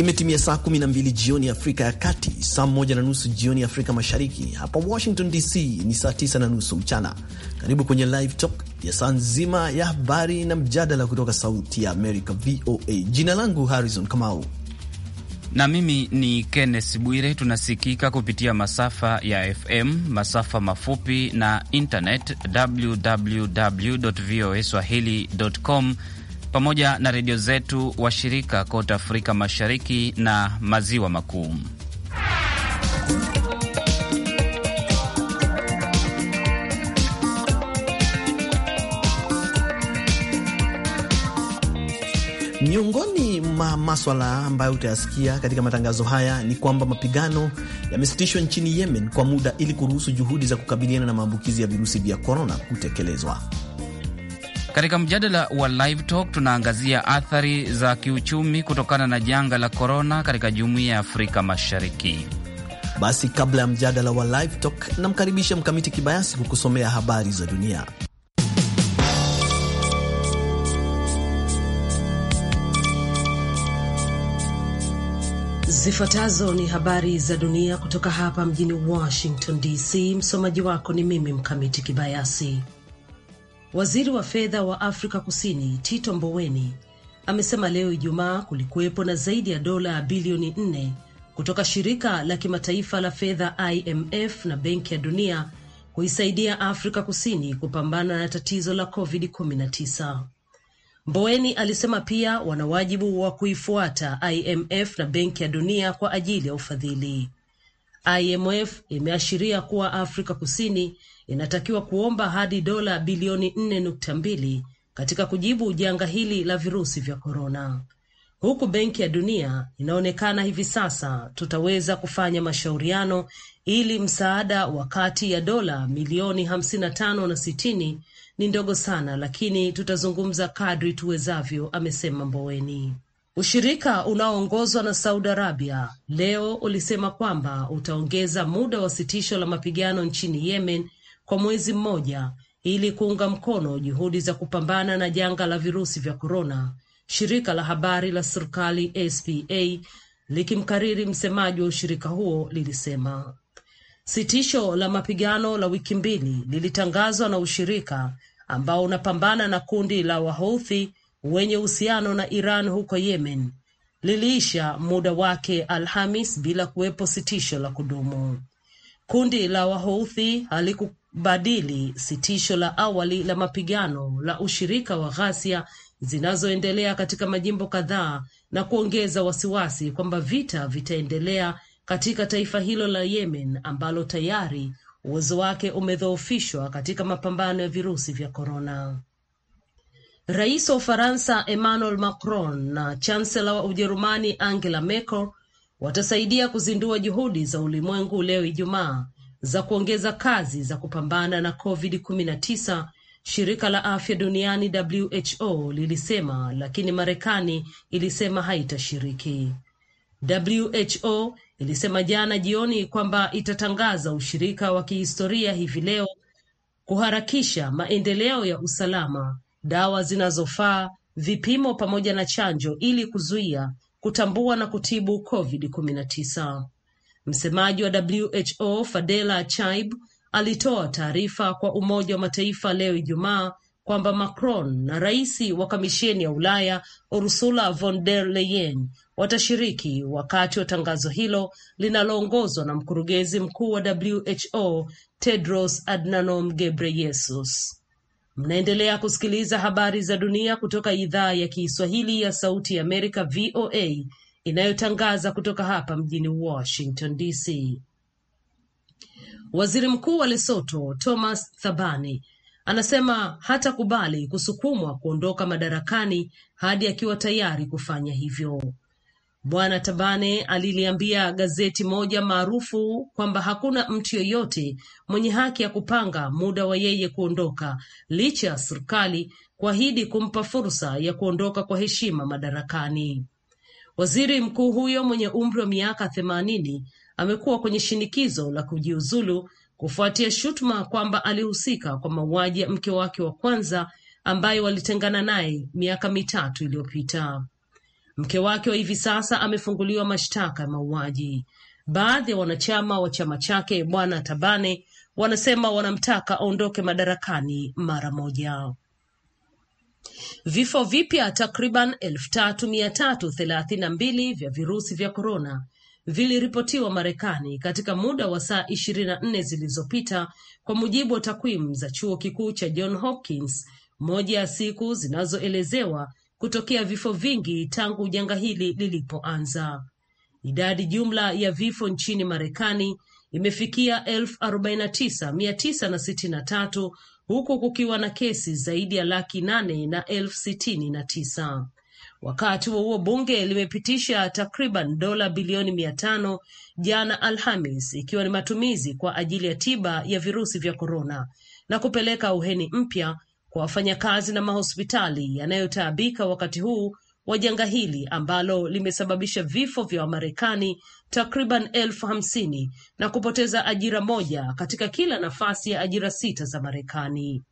Imetimia saa 12 jioni Afrika ya Kati, saa moja na nusu jioni Afrika Mashariki. Hapa Washington DC ni saa 9 na nusu mchana. Karibu kwenye Live Talk ya saa nzima ya habari na mjadala kutoka Sauti ya Amerika, VOA. Jina langu Harrison Kamau na mimi ni Kenneth Bwire. Tunasikika kupitia masafa ya FM, masafa mafupi na internet, www voa swahili.com pamoja na redio zetu washirika kote Afrika Mashariki na Maziwa Makuu. Miongoni mwa maswala ambayo utayasikia katika matangazo haya ni kwamba mapigano yamesitishwa nchini Yemen kwa muda ili kuruhusu juhudi za kukabiliana na maambukizi ya virusi vya korona kutekelezwa. Katika mjadala wa Live Talk tunaangazia athari za kiuchumi kutokana na janga la korona katika jumuiya ya Afrika Mashariki. Basi kabla ya mjadala wa Live Talk, namkaribisha Mkamiti Kibayasi kukusomea habari za dunia. Zifuatazo ni habari za dunia kutoka hapa mjini Washington DC. Msomaji wako ni mimi Mkamiti Kibayasi. Waziri wa fedha wa Afrika Kusini Tito Mboweni amesema leo Ijumaa kulikuwepo na zaidi ya dola bilioni nne kutoka shirika la kimataifa la fedha IMF na Benki ya Dunia kuisaidia Afrika Kusini kupambana na tatizo la COVID-19. Mboweni alisema pia wana wajibu wa kuifuata IMF na Benki ya Dunia kwa ajili ya ufadhili. IMF imeashiria kuwa Afrika Kusini inatakiwa kuomba hadi dola bilioni 4.2 katika kujibu janga hili la virusi vya korona, huku Benki ya Dunia inaonekana hivi sasa tutaweza kufanya mashauriano ili msaada wa kati ya dola milioni hamsini na na ni ndogo sana, lakini tutazungumza kadri tuwezavyo, amesema Mboweni. Ushirika unaoongozwa na Saudi Arabia leo ulisema kwamba utaongeza muda wa sitisho la mapigano nchini Yemen kwa mwezi mmoja ili kuunga mkono juhudi za kupambana na janga la virusi vya korona, shirika la habari la serikali SPA likimkariri msemaji wa ushirika huo lilisema. Sitisho la mapigano la wiki mbili lilitangazwa na ushirika ambao unapambana na kundi la Wahouthi wenye uhusiano na Iran huko Yemen liliisha muda wake Alhamis bila kuwepo sitisho la kudumu. Kundi la Wahouthi halikubadili sitisho la awali la mapigano la ushirika wa ghasia zinazoendelea katika majimbo kadhaa na kuongeza wasiwasi kwamba vita vitaendelea katika taifa hilo la Yemen ambalo tayari uwezo wake umedhoofishwa katika mapambano ya virusi vya korona. Rais wa Ufaransa Emmanuel Macron na chancela wa Ujerumani Angela Merkel watasaidia kuzindua juhudi za ulimwengu leo Ijumaa za kuongeza kazi za kupambana na COVID-19, shirika la afya duniani WHO lilisema, lakini Marekani ilisema haitashiriki. WHO ilisema jana jioni kwamba itatangaza ushirika wa kihistoria hivi leo kuharakisha maendeleo ya usalama dawa zinazofaa, vipimo pamoja na chanjo ili kuzuia, kutambua na kutibu COVID 19 Msemaji wa WHO Fadela Chaib alitoa taarifa kwa Umoja wa Mataifa leo Ijumaa kwamba Macron na rais wa Kamisheni ya Ulaya Ursula von der Leyen watashiriki wakati wa tangazo hilo linaloongozwa na mkurugenzi mkuu wa WHO Tedros Adhanom Ghebreyesus. Mnaendelea kusikiliza habari za dunia kutoka idhaa ya Kiswahili ya Sauti ya Amerika, VOA, inayotangaza kutoka hapa mjini Washington DC. Waziri Mkuu wa lesoto Thomas Thabane anasema hatakubali kusukumwa kuondoka madarakani hadi akiwa tayari kufanya hivyo. Bwana Tabane aliliambia gazeti moja maarufu kwamba hakuna mtu yeyote mwenye haki ya kupanga muda wa yeye kuondoka licha ya serikali kuahidi kumpa fursa ya kuondoka kwa heshima madarakani. Waziri mkuu huyo mwenye umri wa miaka themanini amekuwa kwenye shinikizo la kujiuzulu kufuatia shutuma kwamba alihusika kwa mauaji ya mke wake wa kwanza ambaye walitengana naye miaka mitatu iliyopita. Mke wake wa hivi sasa amefunguliwa mashtaka ya mauaji. Baadhi ya wanachama wa chama chake Bwana Tabane wanasema wanamtaka aondoke madarakani mara moja. Vifo vipya takriban elfu tatu mia tatu thelathini na mbili vya virusi vya korona viliripotiwa Marekani katika muda wa saa ishirini na nne zilizopita kwa mujibu wa takwimu za chuo kikuu cha John Hopkins, moja ya siku zinazoelezewa kutokea vifo vingi tangu janga hili lilipoanza. Idadi jumla ya vifo nchini Marekani imefikia 49963 na tisa mia tisa na na tatu huku kukiwa na kesi zaidi ya laki nane na elfu sitini na tisa. Wakati huo huo, bunge limepitisha takriban dola bilioni mia tano jana Alhamis, ikiwa ni matumizi kwa ajili ya tiba ya virusi vya korona na kupeleka uheni mpya kwa wafanyakazi na mahospitali yanayotaabika wakati huu wa janga hili ambalo limesababisha vifo vya Wamarekani takriban elfu hamsini na kupoteza ajira moja katika kila nafasi ya ajira sita za Marekani.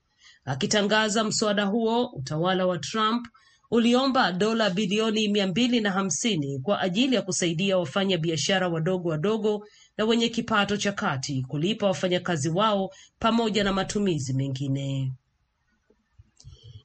Akitangaza mswada huo, utawala wa Trump uliomba dola bilioni mia mbili na hamsini kwa ajili ya kusaidia wafanya biashara wadogo wadogo na wenye kipato cha kati kulipa wafanyakazi wao pamoja na matumizi mengine.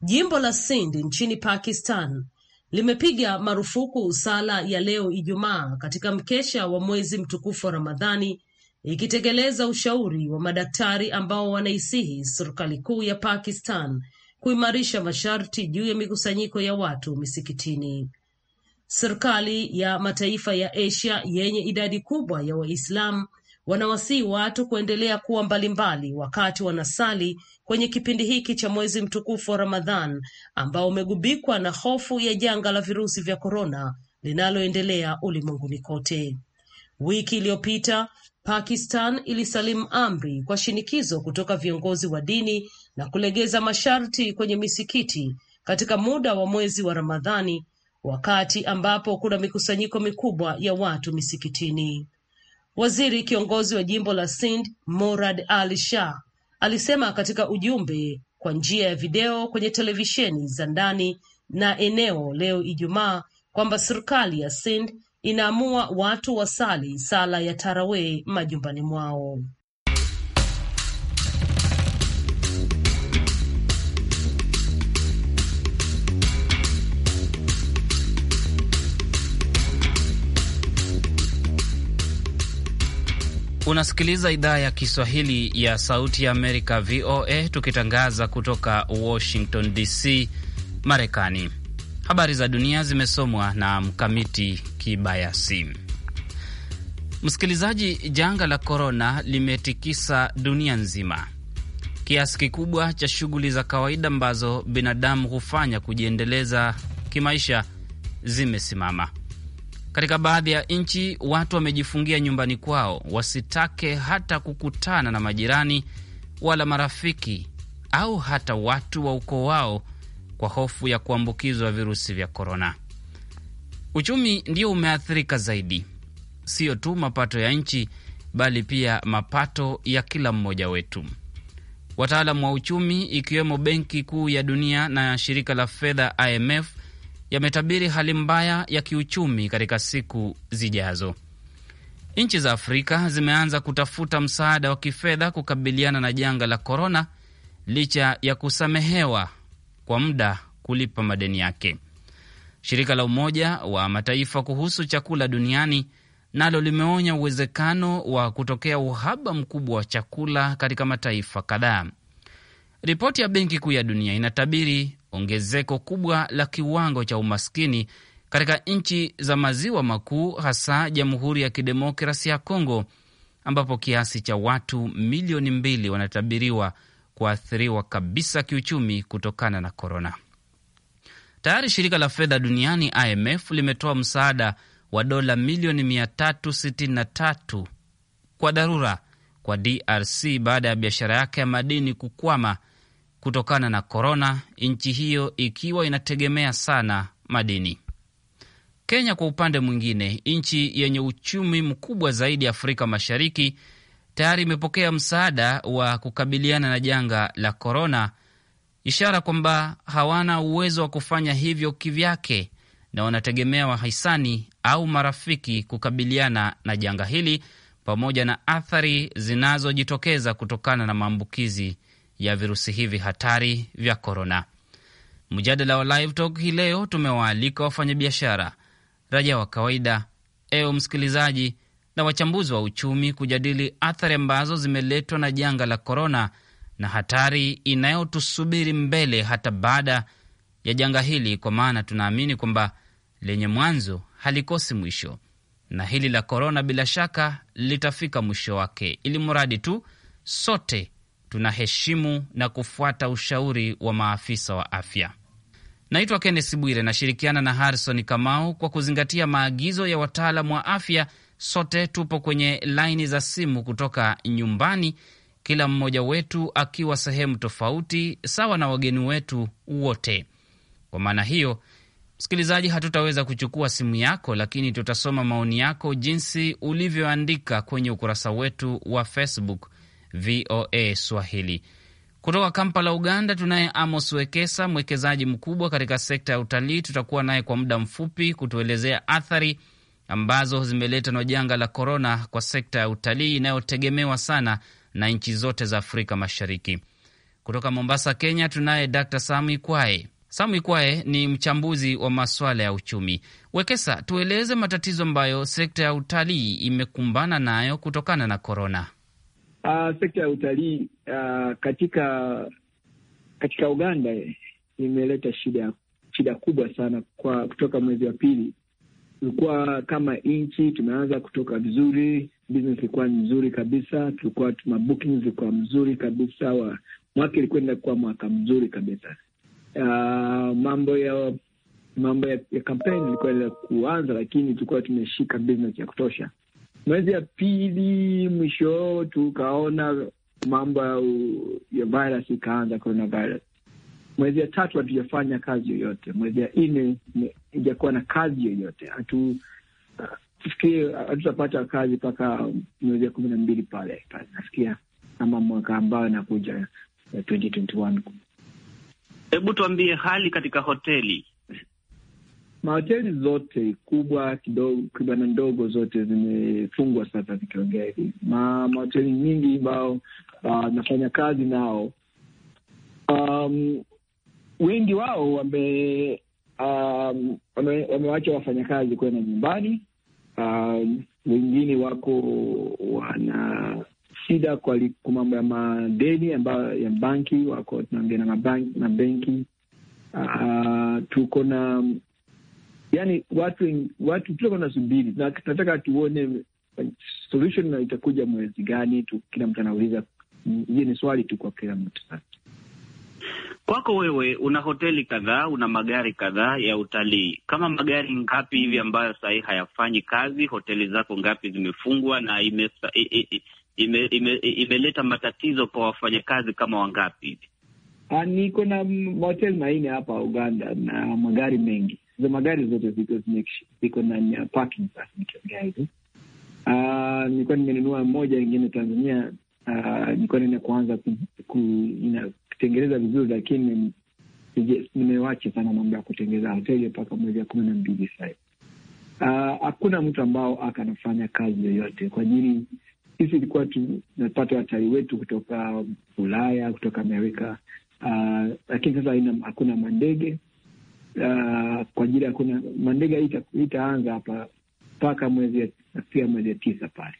Jimbo la Sindh nchini Pakistan limepiga marufuku sala ya leo Ijumaa katika mkesha wa mwezi mtukufu wa Ramadhani, ikitekeleza ushauri wa madaktari ambao wanaisihi serikali kuu ya Pakistan kuimarisha masharti juu ya mikusanyiko ya watu misikitini. Serikali ya mataifa ya Asia yenye idadi kubwa ya Waislamu wanawasihi watu kuendelea kuwa mbalimbali wakati wanasali kwenye kipindi hiki cha mwezi mtukufu wa Ramadhan ambao umegubikwa na hofu ya janga la virusi vya korona linaloendelea ulimwenguni kote. Wiki iliyopita Pakistan ilisalimu amri kwa shinikizo kutoka viongozi wa dini na kulegeza masharti kwenye misikiti katika muda wa mwezi wa Ramadhani, wakati ambapo kuna mikusanyiko mikubwa ya watu misikitini. Waziri kiongozi wa jimbo la Sindh Murad Ali Shah alisema katika ujumbe kwa njia ya video kwenye televisheni za ndani na eneo leo Ijumaa kwamba serikali ya Sindh inaamua watu wasali sala ya tarawe majumbani mwao. Unasikiliza idhaa ya Kiswahili ya Sauti ya Amerika, VOA, tukitangaza kutoka Washington DC, Marekani. Habari za dunia zimesomwa na Mkamiti Kibayasi. Msikilizaji, janga la korona limetikisa dunia nzima. Kiasi kikubwa cha shughuli za kawaida ambazo binadamu hufanya kujiendeleza kimaisha zimesimama. Katika baadhi ya nchi watu wamejifungia nyumbani kwao, wasitake hata kukutana na majirani wala marafiki au hata watu wa ukoo wao kwa hofu ya kuambukizwa virusi vya korona. Uchumi ndio umeathirika zaidi, siyo tu mapato ya nchi, bali pia mapato ya kila mmoja wetu. Wataalamu wa uchumi ikiwemo Benki Kuu ya Dunia na shirika la fedha IMF yametabiri hali mbaya ya kiuchumi katika siku zijazo. Nchi za Afrika zimeanza kutafuta msaada wa kifedha kukabiliana na janga la korona, licha ya kusamehewa kwa muda kulipa madeni yake. Shirika la Umoja wa Mataifa kuhusu chakula duniani nalo limeonya uwezekano wa kutokea uhaba mkubwa wa chakula katika mataifa kadhaa. Ripoti ya Benki Kuu ya Dunia inatabiri ongezeko kubwa la kiwango cha umaskini katika nchi za maziwa makuu, hasa Jamhuri ya Kidemokrasi ya Kongo ambapo kiasi cha watu milioni mbili wanatabiriwa kuathiriwa kabisa kiuchumi kutokana na korona. Tayari shirika la fedha duniani IMF limetoa msaada wa dola milioni 363 kwa dharura kwa DRC baada ya biashara yake ya madini kukwama kutokana na korona, nchi hiyo ikiwa inategemea sana madini. Kenya kwa upande mwingine, nchi yenye uchumi mkubwa zaidi Afrika Mashariki, tayari imepokea msaada wa kukabiliana na janga la korona, ishara kwamba hawana uwezo wa kufanya hivyo kivyake na wanategemea wahisani au marafiki kukabiliana na janga hili pamoja na athari zinazojitokeza kutokana na maambukizi ya virusi hivi hatari vya korona. Mjadala wa Live Talk hii leo tumewaalika wafanyabiashara, raia wa kawaida, eo msikilizaji, na wachambuzi wa uchumi kujadili athari ambazo zimeletwa na janga la korona na hatari inayotusubiri mbele hata baada ya janga hili, kwa maana tunaamini kwamba lenye mwanzo halikosi mwisho, na hili la korona bila shaka litafika mwisho wake, ili mradi tu sote tunaheshimu na kufuata ushauri wa maafisa wa afya. Naitwa Kennes Bwire, nashirikiana na Harrison Kamau kwa kuzingatia maagizo ya wataalam wa afya. Sote tupo kwenye laini za simu kutoka nyumbani, kila mmoja wetu akiwa sehemu tofauti, sawa na wageni wetu wote. Kwa maana hiyo, msikilizaji, hatutaweza kuchukua simu yako, lakini tutasoma maoni yako jinsi ulivyoandika kwenye ukurasa wetu wa Facebook VOA Swahili. Kutoka Kampala, Uganda, tunaye Amos Wekesa, mwekezaji mkubwa katika sekta ya utalii. Tutakuwa naye kwa muda mfupi kutuelezea athari ambazo zimeletwa na janga la korona kwa sekta ya utalii inayotegemewa sana na nchi zote za Afrika Mashariki. Kutoka Mombasa, Kenya, tunaye Dr Samu Ikwae. Samu Ikwae ni mchambuzi wa maswala ya uchumi. Wekesa, tueleze matatizo ambayo sekta ya utalii imekumbana nayo kutokana na korona. Uh, sekta ya utalii uh, katika katika Uganda eh, imeleta shida shida kubwa sana kwa kutoka mwezi wa pili. Tulikuwa kama nchi tumeanza kutoka vizuri, business ilikuwa nzuri kabisa, tulikuwa bookings zilikuwa mzuri kabisa wa, mwaka ilikwenda kuwa mwaka mzuri kabisa. Uh, mambo ya mambo ya, ya kampeni ilikuwa kuanza, lakini tulikuwa tumeshika business ya kutosha Mwezi ya pili mwisho tukaona mambo ya virus ikaanza, coronavirus. Mwezi ya tatu hatujafanya kazi yoyote. Mwezi ya nne ijakuwa na kazi yoyote, fikiri hatutapata kazi mpaka mwezi ya kumi na mbili pale, nafikia ama mwaka ambayo inakuja 2021. Hebu tuambie hali katika hoteli Mahoteli zote kubwa kidogo, kubwa na ndogo zote zimefungwa sasa. Zikiongea hivi, mahoteli nyingi ambao uh, nafanya kazi nao um, wengi wao wame um, wamewacha wafanyakazi kwenda nyumbani. Um, wengine wako wana shida kwa mambo ya madeni ambayo ya banki, wako tunaongea na mabenki. Uh, tuko na yani watu watu tulikuwa tunasubiri na tunataka tuone uh, solution na itakuja mwezi gani tu, kila mtu anauliza. Mm, Hiyo ni swali tu kwa kila mtu Kwako wewe, una hoteli kadhaa, una magari kadhaa ya utalii, kama magari ngapi hivi ambayo sahii hayafanyi kazi? Hoteli zako ngapi zimefungwa na imeleta ime, ime, ime matatizo kwa wafanyakazi kama wangapi hivi? Ah, niko na mahoteli manne hapa Uganda na magari mengi hizo magari zote ziko ziko ndani ya parking. Sasa nikiongea hivi, ah, nilikuwa nimenunua moja ingine Tanzania, ah, nilikuwa naenda kuanza kutengeneza vizuri, lakini nimewache sana mambo ya kutengeneza hoteli mpaka mwezi wa kumi na mbili sasa. Ah, hakuna mtu ambao akanafanya kazi yoyote kwa ajili sisi ilikuwa tunapata watalii wetu kutoka Ulaya, kutoka Amerika, lakini sasa hakuna mandege uh, kwa ajili ya kuna mandega itaanza hapa mpaka mwezi nafikia mwezi ya tisa pale.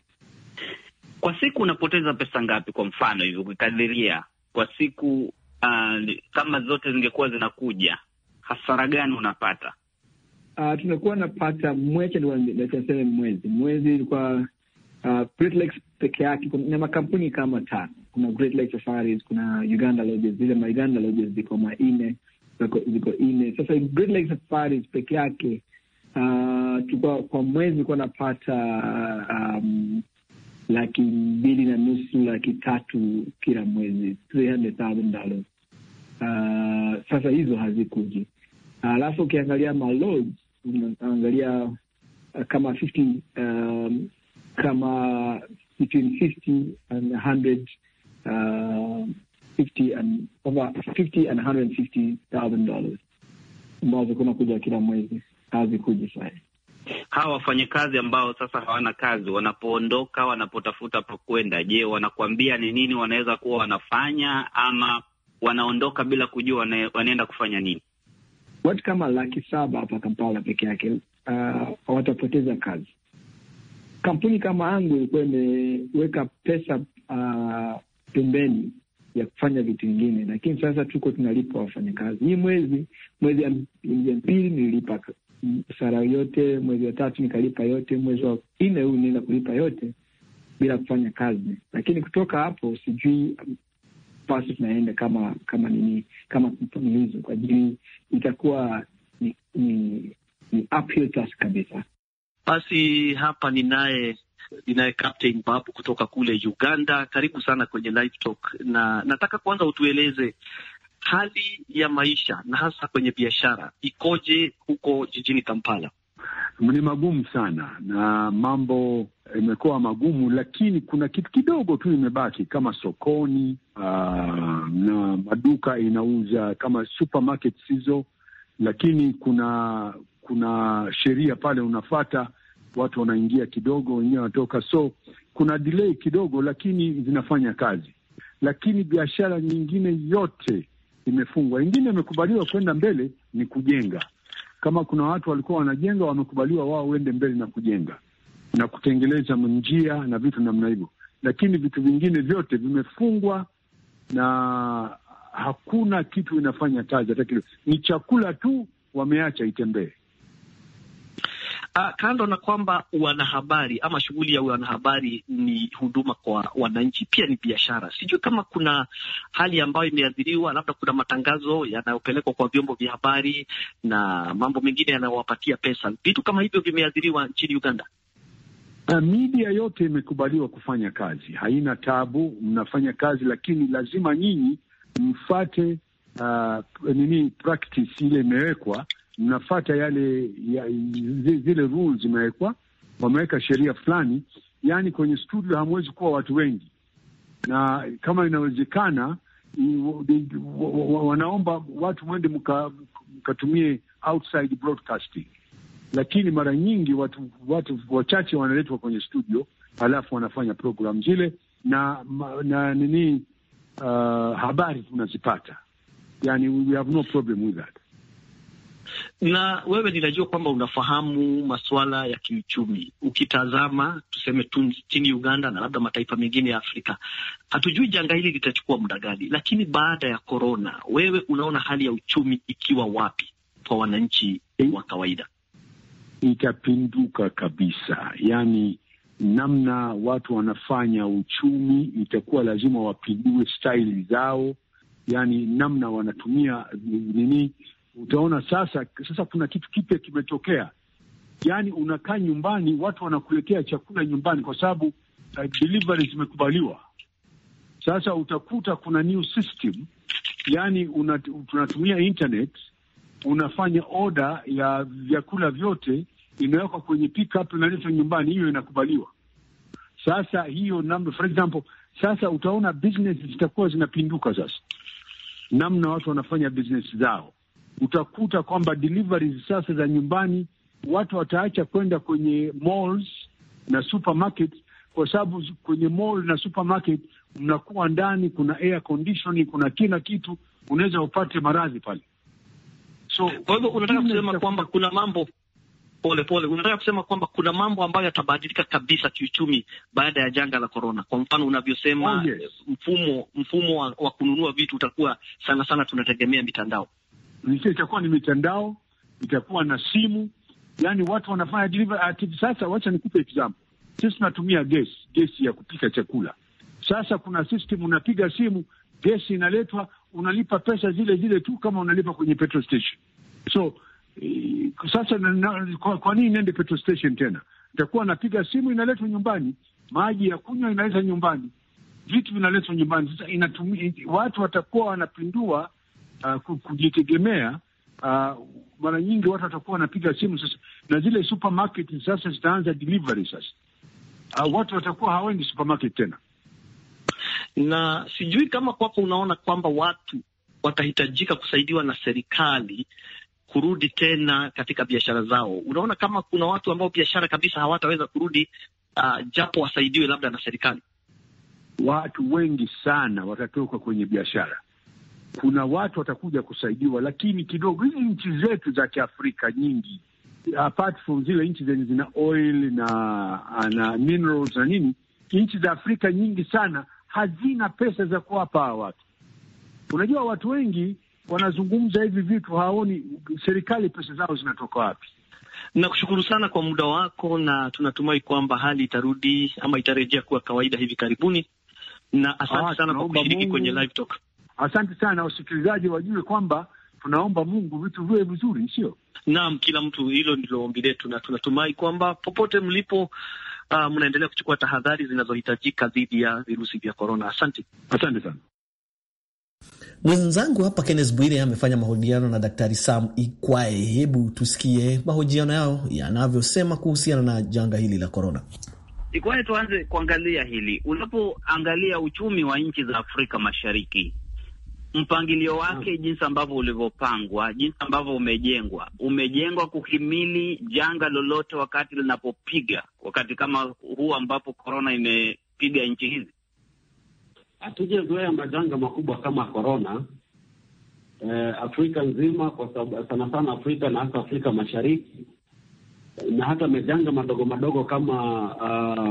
Kwa siku unapoteza pesa ngapi? Kwa mfano hivyo ukikadhiria kwa siku uh, kama zote zingekuwa zinakuja, hasara gani unapata? Uh, tunakuwa napata mweche niseme mwezi mwezi ilikuwa Uh, Great Lakes peke yake na makampuni kama tano. Kuna Great Lakes Safaris, kuna Uganda Lodges, zile ma Uganda Lodges ziko manne, ziko nne. Sasa Great Lakes peke yake uh, tukua, kwa mwezi kuwa napata um, laki mbili na nusu laki tatu kila mwezi 300,000 Uh, sasa hizo hazikuji. Alafu uh, ukiangalia malodge unaangalia uh, kama 50 um, kama between 50 and 100 uh, 50 and over 50 and 160,000 dollars ambazo zilikuwa kuja kila mwezi hazikuji sasa. Hawa wafanyakazi ambao sasa hawana kazi, wanapoondoka, wanapotafuta pa kwenda, je, wanakuambia ni nini wanaweza kuwa wanafanya ama wanaondoka bila kujua wana, wanaenda kufanya nini? Watu kama laki saba hapa Kampala peke yake uh, watapoteza kazi. Kampuni kama angu ilikuwa imeweka pesa uh, pembeni ya kufanya vitu vingine, lakini sasa tuko tunalipa wafanyakazi. Hii mwezi mwezi ya pili nililipa sara yote, mwezi wa tatu nikalipa yote, mwezi wa nne huu nienda kulipa yote bila kufanya kazi, lakini kutoka hapo sijui basi tunaenda kama kama nini kama mfululizo kwa ajili itakuwa ni, ni, ni kabisa. Basi hapa ninaye ninaye Captain Babu kutoka kule Uganda. Karibu sana kwenye Live Talk, na nataka kwanza utueleze hali ya maisha na hasa kwenye biashara ikoje huko jijini Kampala? Ni magumu sana na mambo imekuwa magumu, lakini kuna kitu kidogo tu imebaki kama sokoni aa, ah, na maduka inauza kama supermarket hizo, lakini kuna kuna sheria pale unafata watu wanaingia kidogo, wengine wanatoka, so kuna delay kidogo, lakini zinafanya kazi. Lakini biashara nyingine yote imefungwa. Ingine imekubaliwa kwenda mbele ni kujenga. Kama kuna watu walikuwa wanajenga, wamekubaliwa wao wende mbele na kujenga na kutengeleza njia na vitu namna hivyo, lakini vitu vingine vyote vimefungwa na hakuna kitu inafanya kazi hata kidogo. Ni chakula tu wameacha itembee. Uh, kando na kwamba wanahabari ama shughuli ya wanahabari ni huduma kwa wananchi, pia ni biashara. Sijui kama kuna hali ambayo imeathiriwa, labda kuna matangazo yanayopelekwa kwa vyombo vya habari na mambo mengine yanayowapatia pesa, vitu kama hivyo vimeathiriwa nchini Uganda. Uh, media yote imekubaliwa kufanya kazi, haina tabu, mnafanya kazi, lakini lazima nyinyi mfate uh, nini practice ile imewekwa mnafata yale ya, zile rules zimewekwa, wameweka sheria fulani. Yani kwenye studio hamwezi kuwa watu wengi, na kama inawezekana wanaomba watu mwende mkatumie outside broadcasting, lakini mara nyingi watu watu wachache wanaletwa kwenye studio, halafu wanafanya program zile na na nini, uh, habari tunazipata, yani we have no problem with that na wewe ninajua kwamba unafahamu masuala ya kiuchumi. Ukitazama tuseme tu nchini Uganda na labda mataifa mengine ya Afrika, hatujui janga hili litachukua muda gani, lakini baada ya korona, wewe unaona hali ya uchumi ikiwa wapi kwa wananchi wa kawaida? Itapinduka kabisa, yani namna watu wanafanya uchumi itakuwa lazima wapindue staili zao, yani namna wanatumia nini Utaona sasa, sasa kuna kitu kipya kimetokea, yaani unakaa nyumbani, watu wanakuletea chakula nyumbani kwa sababu uh, delivery zimekubaliwa. Sasa utakuta kuna new system, yaani tunatumia internet, unafanya order ya vyakula vyote, inawekwa kwenye pick inaletwa nyumbani, hiyo inakubaliwa. Sasa hiyo namna, for example, sasa utaona business zitakuwa zinapinduka sasa, namna watu wanafanya business zao utakuta kwamba deliveries sasa za nyumbani, watu wataacha kwenda kwenye malls na supermarket, kwa sababu kwenye mall na supermarket mnakuwa ndani, kuna air conditioning, kuna kila kitu, unaweza upate maradhi pale. So kwa hivyo unataka kusema kwamba kuna mambo pole pole, unataka kusema kwamba kuna mambo ambayo yatabadilika kabisa kiuchumi baada ya janga la korona. Kwa mfano unavyosema, oh yes, mfumo mfumo wa, wa kununua vitu utakuwa sana sana tunategemea mitandao itakuwa ni mitandao, itakuwa na simu, yaani watu wanafanya deliver activity. Sasa wacha nikupe example, sisi tunatumia gesi, gesi ya kupika chakula. Sasa kuna system, unapiga simu, gesi inaletwa, unalipa pesa zile zile tu kama unalipa kwenye petrol station. So e, sasa na, kwa, kwa nini niende petrol station tena? Itakuwa napiga simu, inaletwa nyumbani, maji ya kunywa inaleta nyumbani, vitu vinaletwa nyumbani. Sasa inatumia, watu watakuwa wanapindua uh, kujitegemea uh, mara nyingi watu watakuwa wanapiga simu sasa, na zile supermarket sasa zitaanza delivery sasa. Uh, watu watakuwa hawaendi supermarket tena, na sijui kama kwako unaona kwamba watu watahitajika kusaidiwa na serikali kurudi tena katika biashara zao. Unaona kama kuna watu ambao biashara kabisa hawataweza kurudi, uh, japo wasaidiwe labda na serikali. Watu wengi sana watatoka kwenye biashara kuna watu watakuja kusaidiwa, lakini kidogo hizi nchi zetu za Kiafrika nyingi, apart from zile nchi zenye zina oil na na minerals na nini, nchi za Afrika nyingi sana hazina pesa za kuwapa hawa watu. Unajua, watu wengi wanazungumza hivi vitu, hawaoni serikali pesa zao zinatoka wapi. Nakushukuru sana kwa muda wako, na tunatumai kwamba hali itarudi ama itarejea kuwa kawaida hivi karibuni, na asante ah, sana kwa kushiriki kwenye live talk. Asante sana, wasikilizaji wajue kwamba tunaomba Mungu vitu viwe vizuri, sio naam? Kila mtu, hilo ndilo ombi letu, na tunatumai kwamba popote mlipo, uh, mnaendelea kuchukua tahadhari zinazohitajika dhidi ya virusi vya korona. Asante, asante sana. Mwenzangu hapa Kennes Bwire amefanya mahojiano na Daktari Sam Ikwae. Hebu tusikie mahojiano yao yanavyosema kuhusiana na janga hili la korona. Ikwae, tuanze kuangalia hili. Unapoangalia uchumi wa nchi za Afrika Mashariki mpangilio wake jinsi ambavyo ulivyopangwa, jinsi ambavyo umejengwa, umejengwa kuhimili janga lolote wakati linapopiga, wakati kama huu ambapo korona imepiga nchi hizi. Hatujazoea majanga makubwa kama korona eh, Afrika nzima, kwa sababu sana sana Afrika na hasa Afrika Mashariki na hata majanga madogo madogo kama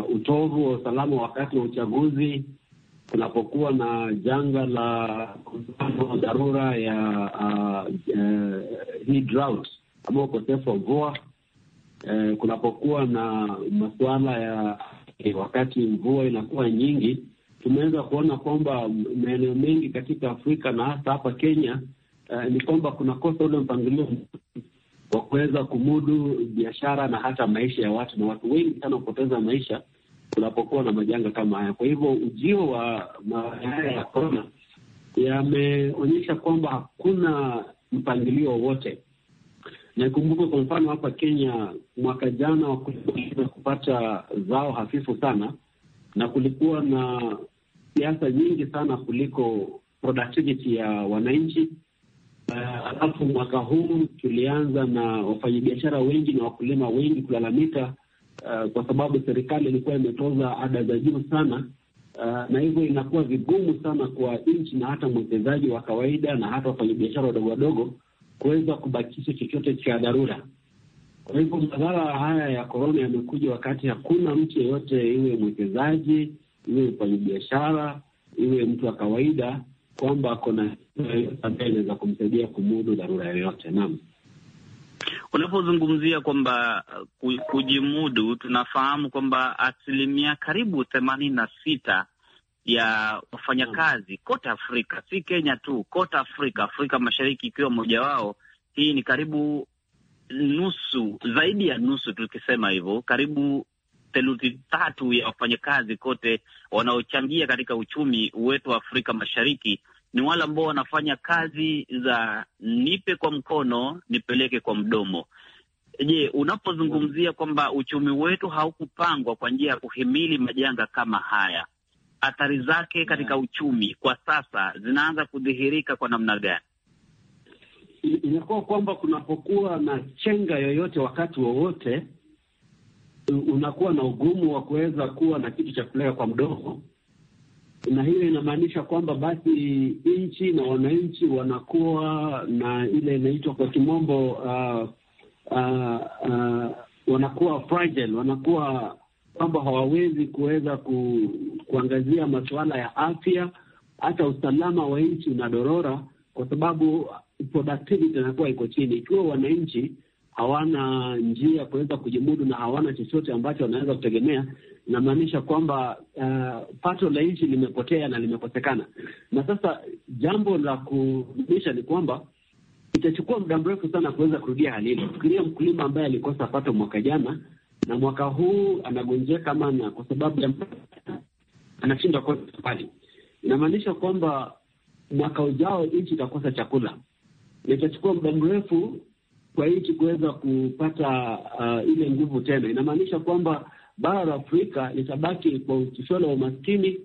uh, utovu wa usalama wakati wa uchaguzi kunapokuwa na janga la mfano dharura ya uh, uh, hii drought ama ukosefu wa mvua uh, kunapokuwa na masuala ya eh, wakati mvua inakuwa nyingi, tumeweza kuona kwamba maeneo mengi katika Afrika na hasa hapa Kenya uh, ni kwamba kunakosa ule mpangilio wa kuweza kumudu biashara na hata maisha ya watu, na watu wengi sana kupoteza maisha kunapokuwa na majanga kama haya. Kwa hivyo ujio wa maradhi haya ya korona yameonyesha kwamba hakuna mpangilio wowote. Nikumbuke kwa mfano hapa Kenya mwaka jana wakulima kupata zao hafifu sana, na kulikuwa na siasa nyingi sana kuliko productivity ya wananchi. Halafu uh, alafu mwaka huu tulianza na wafanyabiashara wengi na wakulima wengi kulalamika Eh, kwa sababu serikali ilikuwa imetoza ada za juu sana uh, na hivyo inakuwa vigumu sana kwa nchi na hata mwekezaji wa kawaida na hata wafanyabiashara wadogo wadogo kuweza kubakisha chochote cha dharura. Kwa hivyo madhara haya ya korona yamekuja wakati hakuna mtu yeyote, iwe mwekezaji, iwe mfanyabiashara, iwe mtu wa kawaida, kwamba ako ambaye inaweza kumsaidia kumudu dharura yoyote. Naam. Unapozungumzia kwamba uh, kujimudu, tunafahamu kwamba asilimia karibu themanini na sita ya wafanyakazi kote Afrika, si Kenya tu, kote Afrika, Afrika Mashariki ikiwa mmoja wao. Hii ni karibu nusu, zaidi ya nusu, tukisema hivyo, karibu theluthi tatu ya wafanyakazi kote wanaochangia katika uchumi wetu wa Afrika Mashariki ni wale ambao wanafanya kazi za nipe kwa mkono nipeleke kwa mdomo. Je, unapozungumzia kwamba uchumi wetu haukupangwa kwa njia ya kuhimili majanga kama haya, athari zake katika uchumi kwa sasa zinaanza kudhihirika kwa namna gani? Inakuwa kwamba kunapokuwa na chenga yoyote wakati wowote, unakuwa na ugumu wa kuweza kuwa na kitu cha kulega kwa mdomo na hiyo inamaanisha kwamba basi nchi na wananchi wanakuwa na ile inaitwa kwa kimombo uh, uh, uh, wanakuwa fragile, wanakuwa kwamba hawawezi kuweza ku, kuangazia masuala ya afya. Hata usalama wa nchi unadorora, kwa sababu productivity inakuwa iko chini. Ikiwa wananchi hawana njia ya kuweza kujimudu na hawana chochote ambacho wanaweza kutegemea, inamaanisha kwamba uh, pato la nchi limepotea na limekosekana. Na sasa jambo la kudumisha ni kwamba itachukua muda mrefu sana kuweza kurudia hali hilo. Fikiria mkulima ambaye alikosa pato mwaka jana na mwaka huu anagonjeka mana kwa sababu ya anashindwa kwenda safari, inamaanisha kwamba mwaka ujao nchi itakosa chakula na itachukua muda mrefu kwa nchi kuweza kupata uh, ile nguvu tena, inamaanisha kwamba bara la Afrika litabaki kwa utisholo wa umaskini,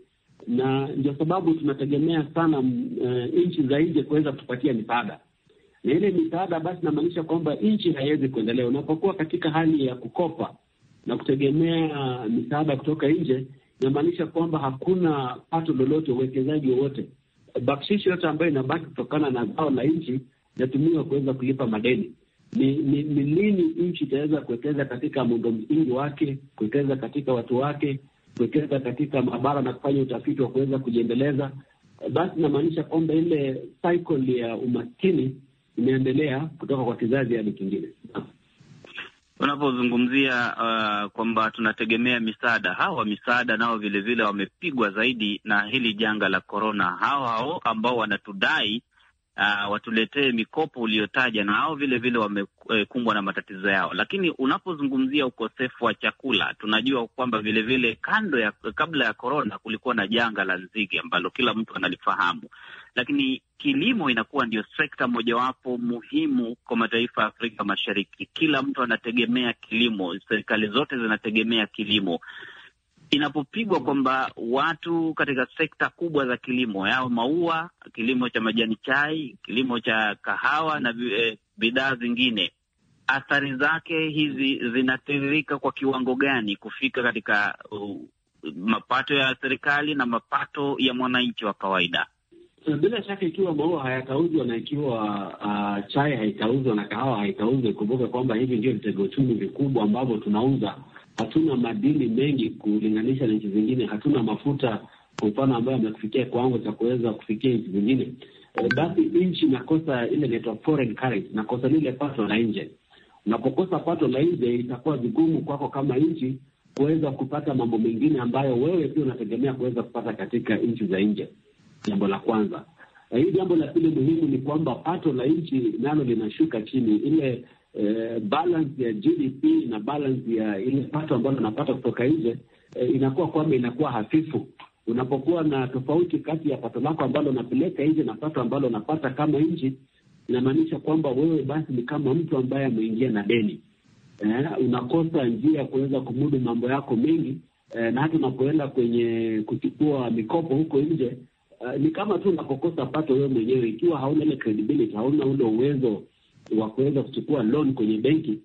na ndio sababu tunategemea sana mm, uh, nchi za nje kuweza kutupatia misaada, na ile misaada basi inamaanisha kwamba nchi haiwezi kuendelea. Unapokuwa katika hali ya kukopa na kutegemea uh, misaada kutoka nje, inamaanisha kwamba hakuna pato lolote, uwekezaji wowote, bakshishi yote ambayo inabaki kutokana na zao la nchi inatumiwa kuweza kulipa madeni ni, ni, ni nini nchi itaweza kuwekeza katika muundo msingi wake, kuwekeza katika watu wake, kuwekeza katika maabara na kufanya utafiti wa kuweza kujiendeleza. Basi inamaanisha kwamba ile cycle ya umaskini imeendelea kutoka kwa kizazi hadi kingine. Unapozungumzia uh, kwamba tunategemea misaada, hawa misaada nao vilevile wamepigwa zaidi na hili janga la korona. Hao hao ambao wanatudai uh, watuletee mikopo uliyotaja, na hao vile vile wamekumbwa na matatizo yao. Lakini unapozungumzia ukosefu wa chakula, tunajua kwamba vile vile kando ya kabla ya korona kulikuwa na janga la nzige ambalo kila mtu analifahamu, lakini kilimo inakuwa ndio sekta mojawapo muhimu kwa mataifa ya Afrika Mashariki. Kila mtu anategemea kilimo, serikali zote zinategemea kilimo, inapopigwa mm. kwamba watu katika sekta kubwa za kilimo, yao maua, kilimo cha majani chai, kilimo cha kahawa na eh, bidhaa zingine, athari zake hizi zinatiririka kwa kiwango gani kufika katika uh, mapato ya serikali na mapato ya mwananchi wa kawaida? Bila shaka ikiwa maua hayatauzwa na ikiwa uh, chai haitauzwa na kahawa haitauzwa, kumbuka kwamba hivi ndio vitego vikubwa ambavyo tunauza hatuna madini mengi kulinganisha na nchi zingine, hatuna mafuta kwa mfano ambayo amekufikia kiwango cha kuweza kufikia nchi zingine. Eh, basi nchi inakosa ile inaitwa foreign currency, inakosa lile pato la nje. Unapokosa pato la nje, itakuwa vigumu kwako kama nchi kuweza kupata mambo mengine ambayo wewe pia unategemea kuweza kupata katika nchi za nje. Jambo la kwanza. Eh, hii e, jambo la pili muhimu ni kwamba pato la nchi nalo linashuka chini, ile eh, balance ya GDP na balance ya ile pato ambalo anapata kutoka nje eh, inakuwa kwamba inakuwa hafifu unapokuwa na tofauti kati ya pato lako ambalo unapeleka nje na pato ambalo unapata kama nchi, inamaanisha kwamba wewe basi ni kama mtu ambaye ameingia na deni eh, unakosa njia ya kuweza kumudu mambo yako mengi eh, na hata unapoenda kwenye kuchukua mikopo huko nje Uh, ni kama tu unapokosa pato wewe mwenyewe, ikiwa hauna ile credibility, hauna ule uwezo wa kuweza kuchukua loan kwenye benki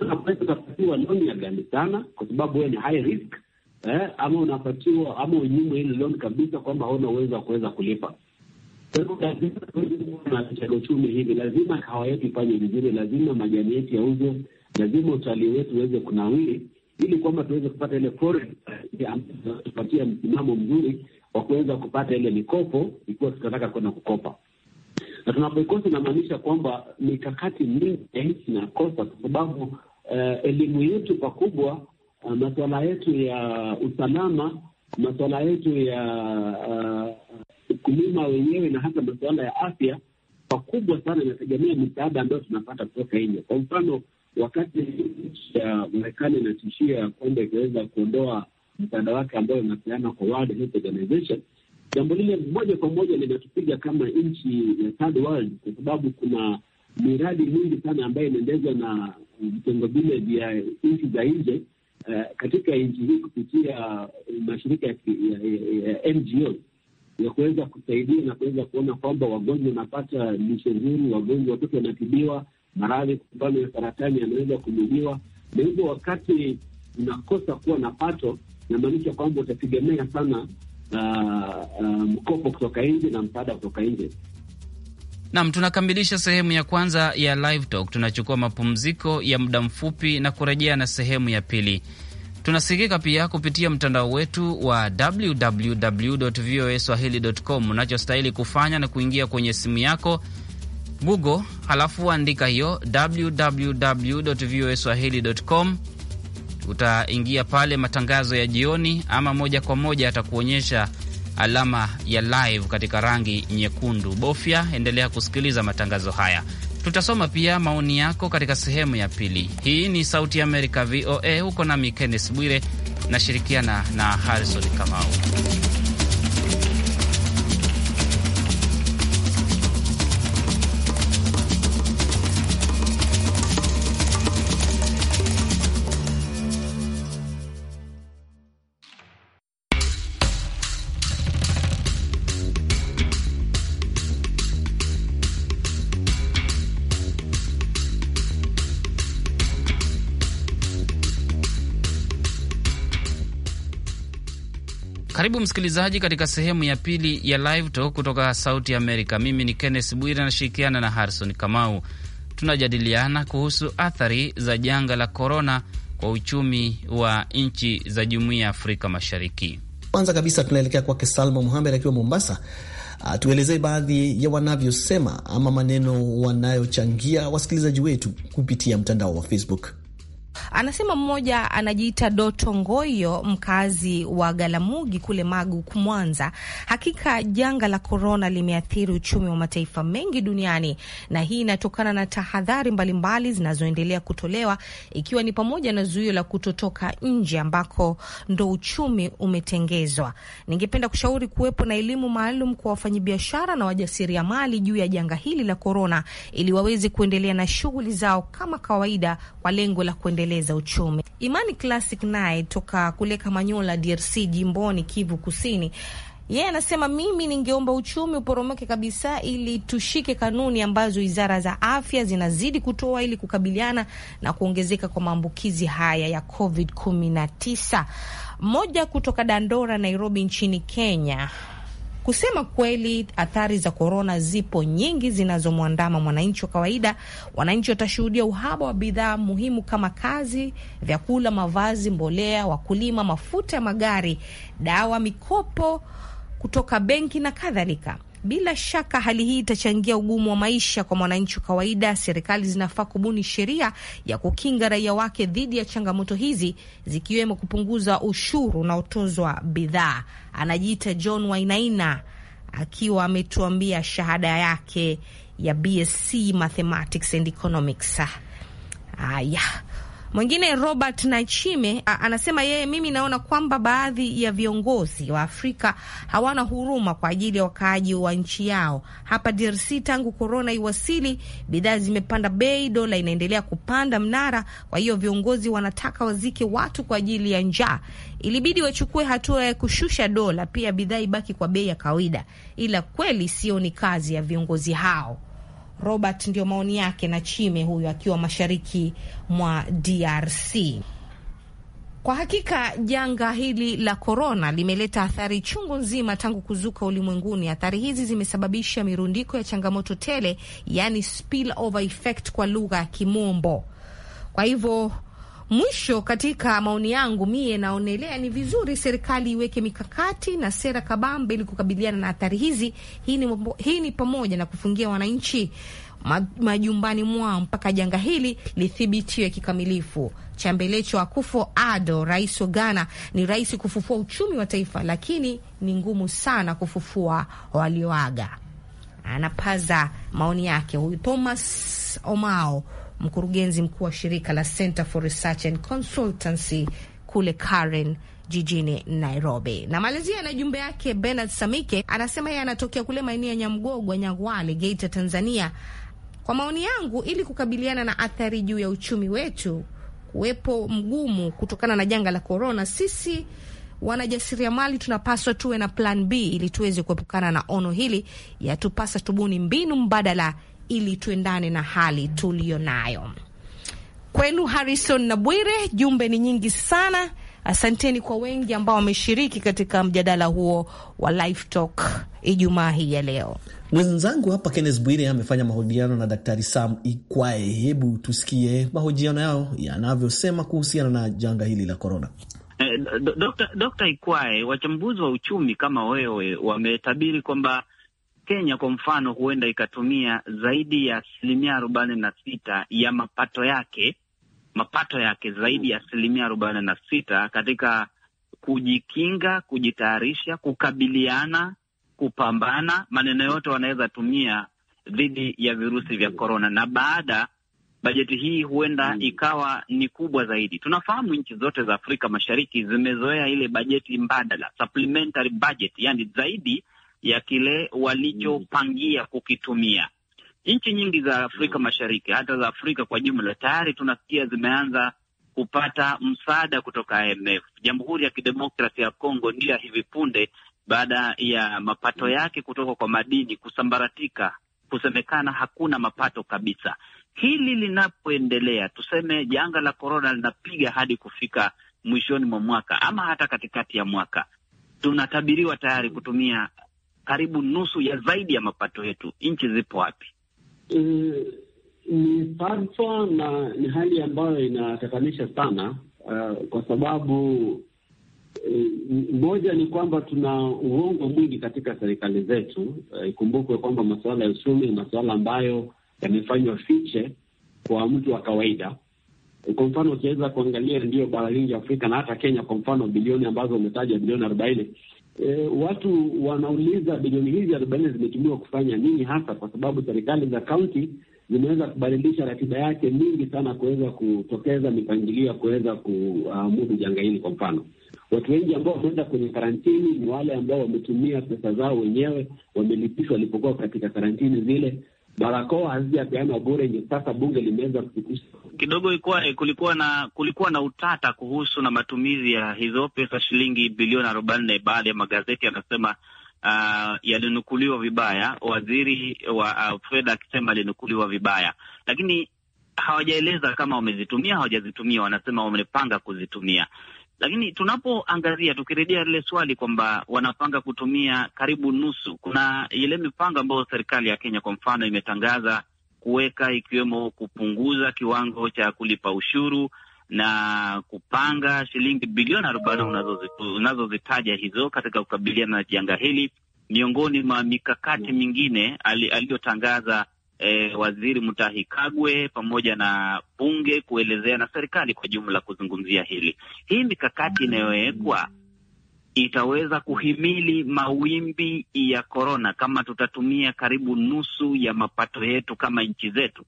unaweza eh, unapatiwa loan ya gani sana, kwa sababu wewe ni high risk eh, ama unapatiwa ama unyimwe ile loan kabisa, kwamba hauna uwezo wa kuweza kulipa. Lazima uchumi hivi, lazima kahawa yetu ifanye vizuri, lazima majani yetu yauzwe, lazima utalii wetu uweze kunawiri, ili kwamba tuweze kupata ile foreign eh, tupatia msimamo mzuri wa kuweza kupata ile mikopo, ikiwa tutataka kwenda kukopa na tunapoikosa inamaanisha kwamba mikakati mingi ya nchi inakosa, kwa sababu uh, elimu yetu pakubwa, uh, masuala yetu ya usalama, masuala yetu ya uh, eh, kulima wenyewe na hasa masuala ya afya pakubwa sana inategemea misaada ambayo tunapata kutoka nje. Kwa mfano, wakati nchi ya Marekani inatishia kwamba ikiweza kuondoa msaada wake ambayo inapeana kwa World Health Organization Jambo lile moja kwa moja linatupiga kama nchi ya third world, kwa sababu kuna miradi mingi sana ambayo inaendezwa na vitengo vile vya nchi za nje uh, katika nchi hii kupitia mashirika ya, ya, ya NGO ya kuweza kusaidia na kuweza kuona kwamba wagonjwa wanapata lishe nzuri, wagonjwa, watoto wanatibiwa maradhi, kwa mfano ya saratani yanaweza kumuliwa. Na hivyo wakati unakosa kuwa na pato, inamaanisha kwamba utategemea sana uh, mkopo kutoka nje na msaada kutoka nje. Nam, tunakamilisha sehemu ya kwanza ya Live Talk. Tunachukua mapumziko ya muda mfupi na kurejea na sehemu ya pili. Tunasikika pia kupitia mtandao wetu wa www voa swahili com. Unachostahili kufanya na kuingia kwenye simu yako Google, halafu andika hiyo www voa swahili com utaingia pale matangazo ya jioni, ama moja kwa moja atakuonyesha alama ya live katika rangi nyekundu. Bofya, endelea kusikiliza matangazo haya. Tutasoma pia maoni yako katika sehemu ya pili. Hii ni Sauti ya Amerika, VOA. Huko nami Kennes Bwire nashirikiana na, na Harrison Kamau. Karibu msikilizaji, katika sehemu ya pili ya Live Talk kutoka Sauti Amerika. Mimi ni Kenneth Bwire, nashirikiana na Harrison Kamau. Tunajadiliana kuhusu athari za janga la korona kwa uchumi wa nchi za jumuiya ya Afrika Mashariki. Kwanza kabisa tunaelekea kwake Salma Muhamed akiwa Mombasa. Uh, tuelezee baadhi ya wanavyosema ama maneno wanayochangia wasikilizaji wetu kupitia mtandao wa Facebook. Anasema mmoja anajiita Doto Ngoyo, mkazi wa Galamugi kule Magu Mwanza. Hakika janga la korona limeathiri uchumi wa mataifa mengi duniani, na hii inatokana na tahadhari mbalimbali zinazoendelea kutolewa, ikiwa ni pamoja na zuio la kutotoka nje ambako ndo uchumi umetengezwa. Ningependa kushauri kuwepo na elimu maalum kwa wafanyabiashara na wajasiriamali juu ya janga hili la korona, ili waweze kuendelea na shughuli zao kama kawaida kwa lengo la kuendelea kuendeleza uchumi. Imani Classic naye toka kule Kamanyola, DRC, jimboni Kivu Kusini, yeye yeah, anasema mimi ningeomba uchumi uporomoke kabisa, ili tushike kanuni ambazo wizara za afya zinazidi kutoa ili kukabiliana na kuongezeka kwa maambukizi haya ya COVID 19. Mmoja kutoka Dandora, Nairobi nchini Kenya Kusema kweli, athari za korona zipo nyingi zinazomwandama mwananchi wa kawaida. Wananchi watashuhudia uhaba wa bidhaa muhimu kama kazi, vyakula, mavazi, mbolea, wakulima, mafuta ya magari, dawa, mikopo kutoka benki na kadhalika. Bila shaka hali hii itachangia ugumu wa maisha kwa mwananchi wa kawaida. Serikali zinafaa kubuni sheria ya kukinga raia wake dhidi ya changamoto hizi, zikiwemo kupunguza ushuru unaotozwa bidhaa. Anajiita John Wainaina akiwa ametuambia shahada yake ya BSc Mathematics and Economics. Haya, ah, Mwingine Robert Nachime a, anasema yeye, mimi naona kwamba baadhi ya viongozi wa Afrika hawana huruma kwa ajili ya wakaaji wa nchi yao. Hapa DRC tangu korona iwasili, bidhaa zimepanda bei, dola inaendelea kupanda mnara. Kwa hiyo viongozi wanataka wazike watu kwa ajili ya njaa. Ilibidi wachukue hatua ya kushusha dola, pia bidhaa ibaki kwa bei ya kawaida, ila kweli sio, ni kazi ya viongozi hao. Robert, ndio maoni yake na Chime huyu akiwa mashariki mwa DRC. Kwa hakika janga hili la korona limeleta athari chungu nzima tangu kuzuka ulimwenguni. Athari hizi zimesababisha mirundiko ya changamoto tele, yani effect kwa lugha ya Kimombo. Kwa hivyo Mwisho, katika maoni yangu mie naonelea ni vizuri serikali iweke mikakati na sera kabambe ili kukabiliana na hatari hizi. Hii ni, hii ni pamoja na kufungia wananchi majumbani mwao mpaka janga hili lithibitiwe kikamilifu. Chambelecho Akufo Ado, rais wa Ghana: ni rahisi kufufua uchumi wa taifa, lakini ni ngumu sana kufufua walioaga. Anapaza maoni yake huyu Thomas Omao mkurugenzi mkuu wa shirika la Center for Research and Consultancy kule Karen jijini Nairobi. Na malizia na jumbe yake Bernard Samike anasema yeye anatokea kule maeneo ya Nyamgogwa, Nyagwale, Geita, Tanzania. Kwa maoni yangu, ili kukabiliana na athari juu ya uchumi wetu kuwepo mgumu kutokana na janga la korona, sisi wanajasiriamali tunapaswa tuwe na plan B ili tuweze kuepukana na ono hili. Yatupasa tubuni mbinu mbadala ili tuendane na hali tuliyonayo. Kwenu Harrison na Bwire, jumbe ni nyingi sana. Asanteni kwa wengi ambao wameshiriki katika mjadala huo wa Live Talk Ijumaa hii ya leo. Mwenzangu hapa Kennes Bwire amefanya mahojiano na Daktari Sam Ikwae. Hebu tusikie mahojiano yao yanavyosema kuhusiana na janga hili la korona. Eh, Ikwae, wachambuzi wa uchumi kama wewe wametabiri kwamba Kenya kwa mfano huenda ikatumia zaidi ya asilimia arobaini na sita ya mapato yake mapato yake zaidi ya asilimia arobaini na sita katika kujikinga, kujitayarisha, kukabiliana, kupambana, maneno yote wanaweza tumia dhidi ya virusi vya korona, na baada bajeti hii huenda hmm. ikawa ni kubwa zaidi. Tunafahamu nchi zote za Afrika Mashariki zimezoea ile bajeti mbadala, supplementary budget, yani zaidi ya kile walichopangia mm. kukitumia. Nchi nyingi za Afrika mm. Mashariki, hata za Afrika kwa jumla, tayari tunasikia zimeanza kupata msaada kutoka IMF. Jamhuri ya kidemokrasi ya Kongo ndiyo ya hivi punde baada ya mapato mm. yake kutoka kwa madini kusambaratika, kusemekana hakuna mapato kabisa. Hili linapoendelea, tuseme janga la korona linapiga hadi kufika mwishoni mwa mwaka ama hata katikati ya mwaka, tunatabiriwa tayari kutumia karibu nusu ya zaidi ya mapato yetu. Nchi zipo wapi? E, ni falsa na ni hali ambayo inatatanisha sana uh, kwa sababu e, moja ni kwamba tuna uongo mwingi katika serikali zetu. Ikumbukwe kwamba masuala ya uchumi ni masuala ambayo yamefanywa fiche kwa mtu wa kawaida. Kwa mfano ukiweza kuangalia, ndio bara lingi Afrika na hata Kenya, kwa mfano bilioni ambazo umetaja bilioni arobaini E, watu wanauliza bilioni hizi arobaini zimetumiwa kufanya nini hasa, kwa sababu serikali za kaunti zimeweza kubadilisha ratiba yake mingi sana kuweza kutokeza mipangilio ya kuweza kuamudu janga hili. Kwa mfano, watu wengi ambao wameenda kwenye karantini ni wale ambao wametumia pesa zao wenyewe, wamelipishwa walipokuwa katika karantini zile, barakoa hazijapeanwa bure, ndio sasa bunge limeanza kupitisha. Kidogo ilikuwa eh, kulikuwa na kulikuwa na utata kuhusu na matumizi ya hizo pesa shilingi bilioni arobaini na Baadhi ya magazeti yanasema Uh, yalinukuliwa vibaya, waziri wa uh, fedha akisema alinukuliwa vibaya, lakini hawajaeleza kama wamezitumia, hawajazitumia. Wanasema wamepanga kuzitumia. Lakini tunapoangazia tukirejea lile swali kwamba wanapanga kutumia karibu nusu, kuna ile mipango ambayo serikali ya Kenya kwa mfano imetangaza kuweka, ikiwemo kupunguza kiwango cha kulipa ushuru na kupanga shilingi bilioni arobaini unazozitaja hizo katika kukabiliana na janga hili, miongoni mwa mikakati mingine aliyotangaza e, waziri Mutahi Kagwe pamoja na bunge kuelezea na serikali kwa jumla kuzungumzia hili. Hii mikakati inayowekwa itaweza kuhimili mawimbi ya korona kama tutatumia karibu nusu ya mapato yetu kama nchi zetu.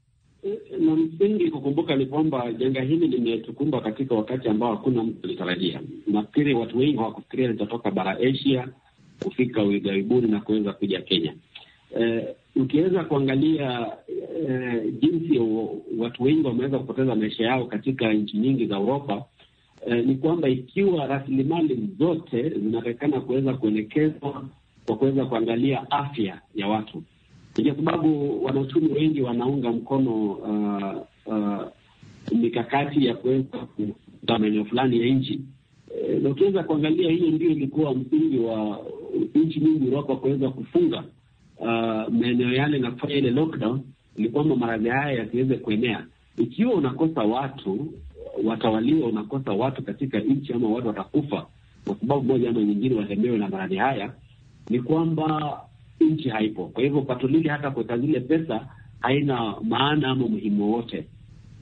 Na msingi kukumbuka ni kwamba janga hili limetukumba katika wakati ambao hakuna mtu alitarajia. Nafikiri watu wengi hawakufikiria litatoka bara Asia kufika ughaibuni na kuweza kuja Kenya. Eh, ukiweza kuangalia eh, jinsi watu wengi wameweza kupoteza maisha yao katika nchi nyingi za Uropa eh, ni kwamba ikiwa rasilimali zote zinatakikana kuweza kuelekezwa kwa kuweza kuangalia afya ya watu, kwa sababu wanauchumi wengi wanaunga mkono uh, uh, mikakati ya kuweza kuza maeneo fulani ya nchi eh, na ukiweza kuangalia hiyo ndio ilikuwa msingi wa nchi nyingi Uropa kuweza kufunga uh, maeneo yale nafanya ile lockdown ni kwamba maradhi haya yasiweze kuenea. Ikiwa unakosa watu watawaliwa, unakosa watu katika nchi ama watu watakufa kwa sababu moja ama nyingine, watembewe na maradhi haya, ni kwamba nchi haipo. Kwa hivyo pato lile, hata kuweka zile pesa haina maana ama muhimu wowote.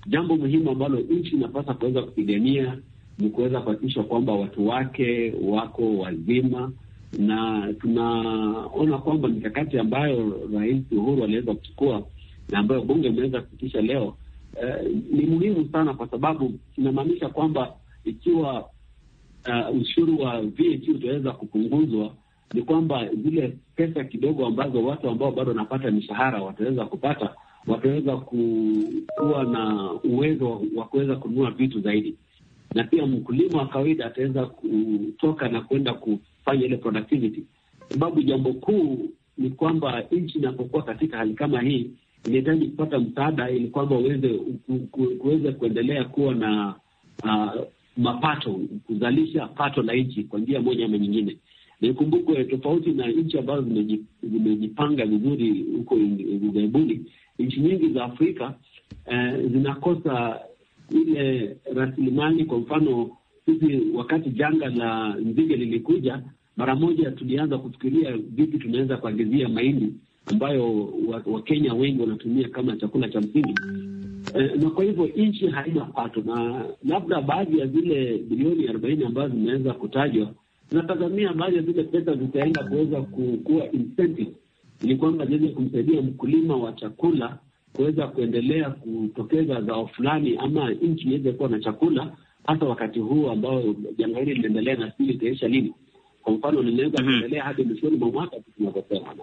Jambo muhimu ambalo nchi inapasa kuweza kupigania ni kuweza kuhakikisha kwamba watu wake wako wazima na tunaona kwamba mikakati ambayo Rais Uhuru aliweza kuchukua na ambayo bunge imeweza kupitisha leo eh, ni muhimu sana, kwa sababu inamaanisha kwamba ikiwa uh, ushuru wa VAT utaweza kupunguzwa, ni kwamba zile pesa kidogo ambazo watu ambao bado wanapata mishahara wataweza kupata, wataweza kuwa na uwezo wa kuweza kununua vitu zaidi, na pia mkulima wa kawaida ataweza kutoka na kwenda ku kufanya ile productivity, sababu jambo kuu ni kwamba nchi inapokuwa katika hali kama hii inahitaji kupata msaada ili kwamba uweze kuweza kuendelea kuwa na uh, mapato, kuzalisha pato la nchi kwa njia moja ama nyingine. Nikumbukwe, tofauti na nchi ambazo zimejipanga vizuri huko ughaibuni, nchi nyingi za Afrika eh, zinakosa ile rasilimali, kwa mfano sisi wakati janga la nzige lilikuja, mara moja tulianza kufikiria vipi tunaweza kuagizia mahindi ambayo Wakenya wa wengi wanatumia kama chakula cha msingi e, na kwa hivyo nchi haina pato, na labda baadhi ya zile bilioni arobaini ambazo zimeweza kutajwa, tunatazamia baadhi ya zile pesa zitaenda kuweza kuwa incentive, ili kwamba ziweze kumsaidia mkulima wa chakula kuweza kuendelea kutokeza zao fulani, ama nchi iweze kuwa na chakula hasa wakati huu ambao janga hili linaendelea na sijui litaisha lini. Kwa mfano linaweza mhm. kuendelea hadi mwishoni mwa mwaka tunavyosema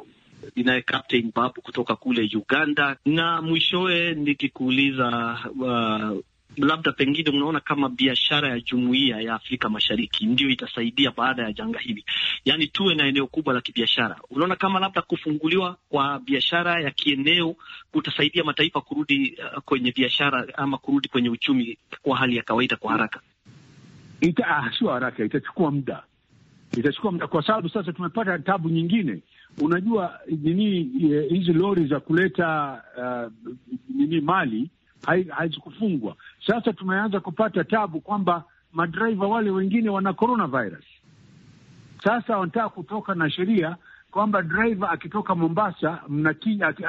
inaye Captain Babu kutoka kule Uganda. Na mwishowe nikikuuliza, uh, labda pengine unaona kama biashara ya jumuiya ya Afrika Mashariki ndio itasaidia baada ya janga hili, yaani tuwe na eneo kubwa la kibiashara. Unaona kama labda kufunguliwa kwa biashara ya kieneo kutasaidia mataifa kurudi uh, kwenye biashara ama kurudi kwenye uchumi kwa hali ya kawaida kwa haraka? Ita, ah, sio haraka, itachukua muda, itachukua muda kwa sababu sasa tumepata tabu nyingine. Unajua nini eh, hizi lori za kuleta uh, nini mali hazikufungwa. Sasa tumeanza kupata tabu kwamba madraiva wale wengine wana coronavirus. Sasa wanataka kutoka na sheria kwamba draiva akitoka Mombasa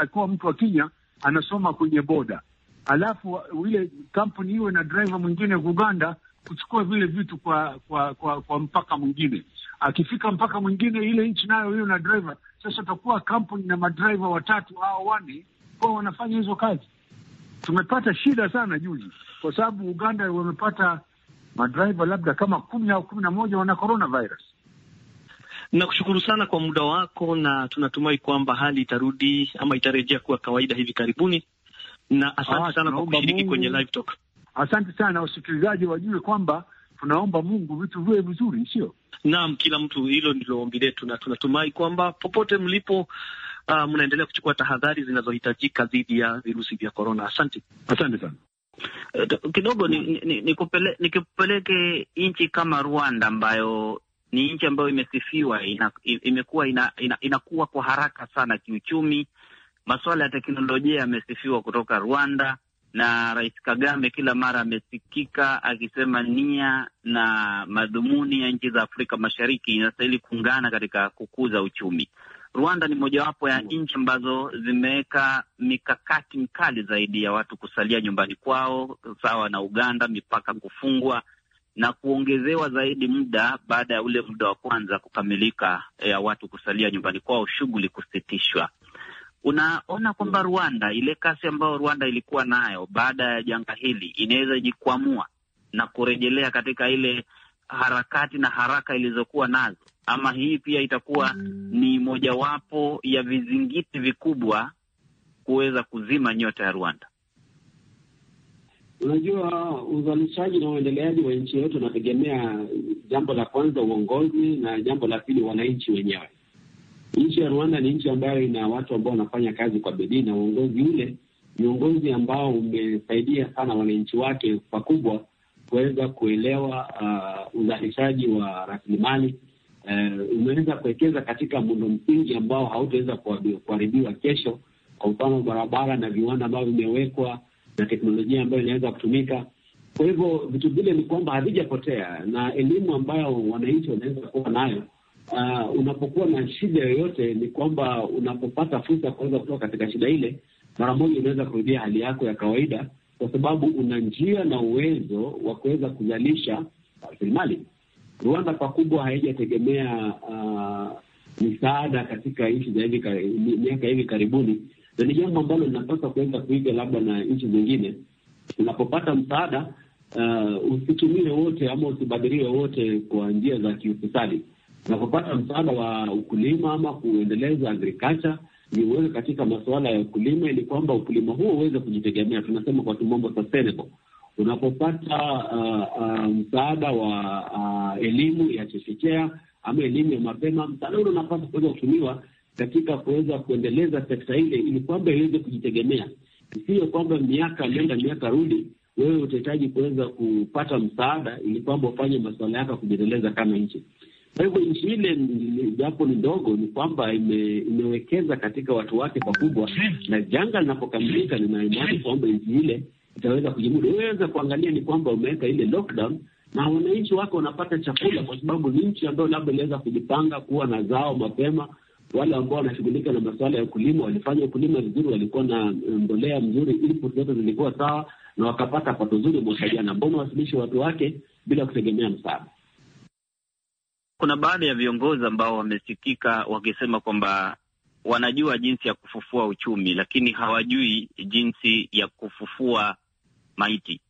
akiwa mtu wa Kenya anasoma kwenye boda, alafu ile kampuni iwe na driver mwingine Uganda kuchukua vile vitu kwa kwa kwa, kwa mpaka mwingine. Akifika mpaka mwingine ile nchi nayo hiyo na driver, sasa, utakuwa kampuni na madriver watatu au wane kwa wanafanya hizo kazi tumepata shida sana juzi, kwa sababu Uganda wamepata madraiva labda kama kumi au kumi na moja wana coronavirus. Nakushukuru sana kwa muda wako, na tunatumai kwamba hali itarudi ama itarejea kuwa kawaida hivi karibuni, na asante ah, sana kwa kushiriki kwenye live talk. Asante sana, wasikilizaji wajue kwamba tunaomba Mungu vitu viwe vizuri, sio? Naam, kila mtu, hilo ndilo ombi letu, na tunatumai kwamba popote mlipo uh, mnaendelea kuchukua tahadhari zinazohitajika dhidi ya virusi vya korona? Asante, asante sana. Uh, kidogo nikupeleke ni, ni ni nchi kama Rwanda ambayo ni nchi ambayo imesifiwa ina, imekuwa ina, ina, inakuwa kwa haraka sana kiuchumi. Masuala ya teknolojia yamesifiwa kutoka Rwanda, na Rais Kagame kila mara amesikika akisema nia na madhumuni ya nchi za Afrika Mashariki inastahili kuungana katika kukuza uchumi. Rwanda ni mojawapo ya nchi ambazo zimeweka mikakati mikali zaidi ya watu kusalia nyumbani kwao, sawa na Uganda, mipaka kufungwa na kuongezewa zaidi muda baada ya ule muda wa kwanza kukamilika eh, ya watu kusalia nyumbani kwao, shughuli kusitishwa. Unaona kwamba hmm. Rwanda, ile kasi ambayo Rwanda ilikuwa nayo baada ya janga hili, inaweza jikwamua na kurejelea katika ile harakati na haraka ilizokuwa nazo ama hii pia itakuwa ni mojawapo ya vizingiti vikubwa kuweza kuzima nyota ya Rwanda. Unajua, uzalishaji na uendeleaji wa nchi yetu unategemea jambo la kwanza uongozi, na jambo la pili wananchi wenyewe. Nchi ya Rwanda ni nchi ambayo ina watu ambao wanafanya kazi kwa bidii, na uongozi ule ni uongozi ambao umesaidia sana wananchi wake pakubwa kuweza kuelewa uh, uzalishaji wa rasilimali eh, umeweza kuwekeza katika muundo msingi ambao hautaweza kuharibiwa kesho, kwa mfano barabara na viwanda ambavyo vimewekwa na teknolojia ambayo inaweza kutumika. Kwa hivyo vitu vile ni kwamba havijapotea, na elimu ambayo wananchi wanaweza kuwa nayo uh, unapokuwa na shida yoyote, ni kwamba unapopata fursa ya kuweza kutoka katika shida ile, mara moja unaweza kurudia hali yako ya kawaida, kwa sababu una njia na uwezo wa kuweza kuzalisha rasilimali. Rwanda pakubwa haijategemea uh, misaada katika nchi za miaka hivi karibuni, na ni jambo ambalo linapaswa kuweza kuiga labda na nchi zingine. Unapopata msaada uh, usitumie wote ama usibadhiriwe wote kwa njia za kiufisadi. Unapopata msaada wa ukulima ama kuendeleza agriculture ni uweke katika masuala ya ukulima, ili kwamba ukulima huo uweze kujitegemea, tunasema kwa kimombo sustainable unapopata uh, uh, msaada wa uh, elimu ya chechechea ama elimu ya mapema, msaada ule unapaswa kuweza kutumiwa katika kuweza kuendeleza sekta ile, ili kwamba iweze kujitegemea, isiyo kwamba miaka nenda miaka rudi, wewe utahitaji kuweza kupata msaada ili kwamba ufanye masuala yako ya kujiendeleza kama nchi. Kwa hivyo nchi ile, japo ni ndogo, ni kwamba ime, imewekeza katika watu wake pakubwa, na janga linapokamilika, nina imani kwamba nchi ile itaweza kujimudu. Uweze kuangalia ni kwamba umeweka ile lockdown na wananchi wako wanapata chakula, kwa sababu ni nchi ambayo labda iliweza kujipanga kuwa na zao mapema. Wale ambao wanashughulika na masuala ya ukulima walifanya ukulima vizuri, walikuwa na eh, mbolea mzuri, input zote zilikuwa sawa na wakapata pato zuri mwaka jana. Mbona wasilishe watu wake bila kutegemea msaada? Kuna baadhi ya viongozi ambao wamesikika wakisema kwamba wanajua jinsi ya kufufua uchumi, lakini hawajui jinsi ya kufufua maiti.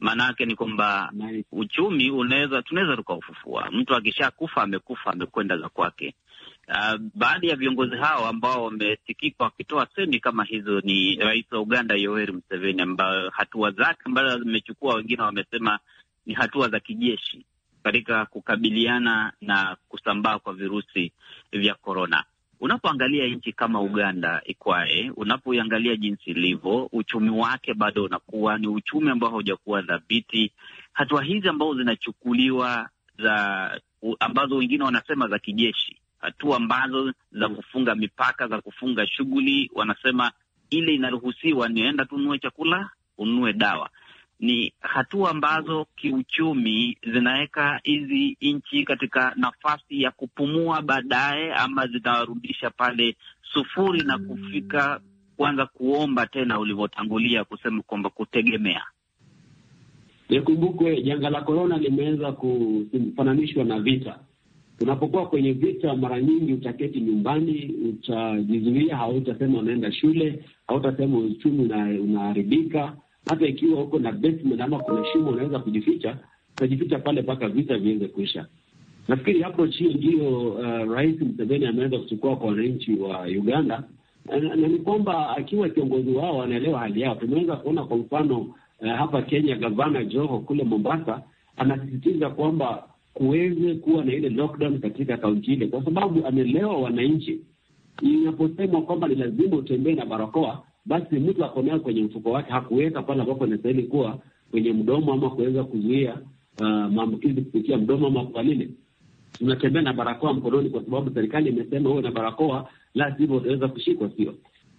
Maanake ni kwamba uchumi unaweza, tunaweza tukaufufua. Mtu akishakufa amekufa, amekwenda za kwake. Uh, baadhi ya viongozi hao ambao wamesikika wakitoa semi kama hizo ni rais wa Uganda Yoweri Museveni, ambayo hatua zake ambazo zimechukua, wengine wamesema ni hatua za kijeshi katika kukabiliana na kusambaa kwa virusi vya korona. Unapoangalia nchi kama Uganda ikwae, unapoiangalia jinsi ilivyo, uchumi wake bado unakuwa ni uchumi ambao haujakuwa dhabiti Hatua hizi ambazo zinachukuliwa za ambazo wengine wanasema za kijeshi, hatua ambazo za kufunga mipaka, za kufunga shughuli, wanasema ile inaruhusiwa nienda tununue chakula, ununue dawa ni hatua ambazo kiuchumi zinaweka hizi nchi katika nafasi ya kupumua baadaye, ama zinawarudisha pale sufuri na kufika kuanza kuomba tena ulivyotangulia kusema kwamba kutegemea. Nikumbukwe janga la korona limeweza kufananishwa na vita. Unapokuwa kwenye vita, mara nyingi utaketi nyumbani, utajizuia, hautasema unaenda shule, hautasema uchumi unaharibika una hata ikiwa huko na basement ama kuna shimo unaweza kujificha, utajificha pale mpaka vita vianze kuisha. Nafikiri hapo hiyo ndiyo uh, Rais Museveni ameweza kuchukua kwa wananchi wa Uganda, na ni kwamba akiwa kiongozi wao anaelewa hali yao. Tumeweza kuona kwa mfano uh, hapa Kenya, gavana Joho kule Mombasa anasisitiza kwamba kuweze kuwa na ile lockdown katika kaunti ile, kwa sababu ameelewa wananchi. inaposema kwamba ni lazima utembee na barakoa, basi mtu ako nayo kwenye mfuko wake hakuweka pale ambapo inastahili kuwa kwenye mdomo, ama kuweza kuzuia uh, maambukizi kupitia mdomo ama kwa nini Tunatembea na barakoa mkononi kwa sababu serikali imesema uwe na barakoa, la sivyo utaweza kushikwa, sio?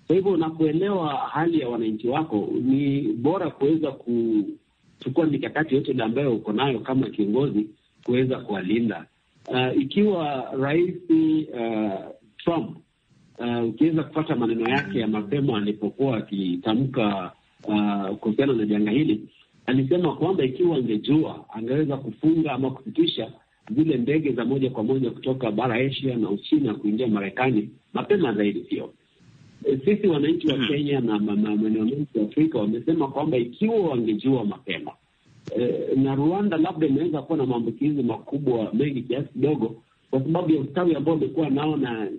Kwa hivyo unapoelewa hali ya wananchi wako, ni bora kuweza kuchukua mikakati yote ambayo uko nayo kama kiongozi kuweza kuwalinda. Uh, ikiwa rais uh, Trump Eh, ukiweza kupata maneno yake ya mapema alipokuwa akitamka eh, kuhusiana na janga hili, alisema kwamba ikiwa angejua angeweza kufunga ama kupitisha zile ndege za moja kwa moja kutoka bara Asia na Uchina kuingia Marekani mapema zaidi. Sio eh, sisi wananchi wa hmm. Kenya na maeneo mengi ya Afrika wamesema kwamba ikiwa wangejua mapema e, na Rwanda labda imeweza kuwa na maambukizi makubwa mengi kiasi kidogo, kwa sababu ya ustawi ambao amekuwa nao na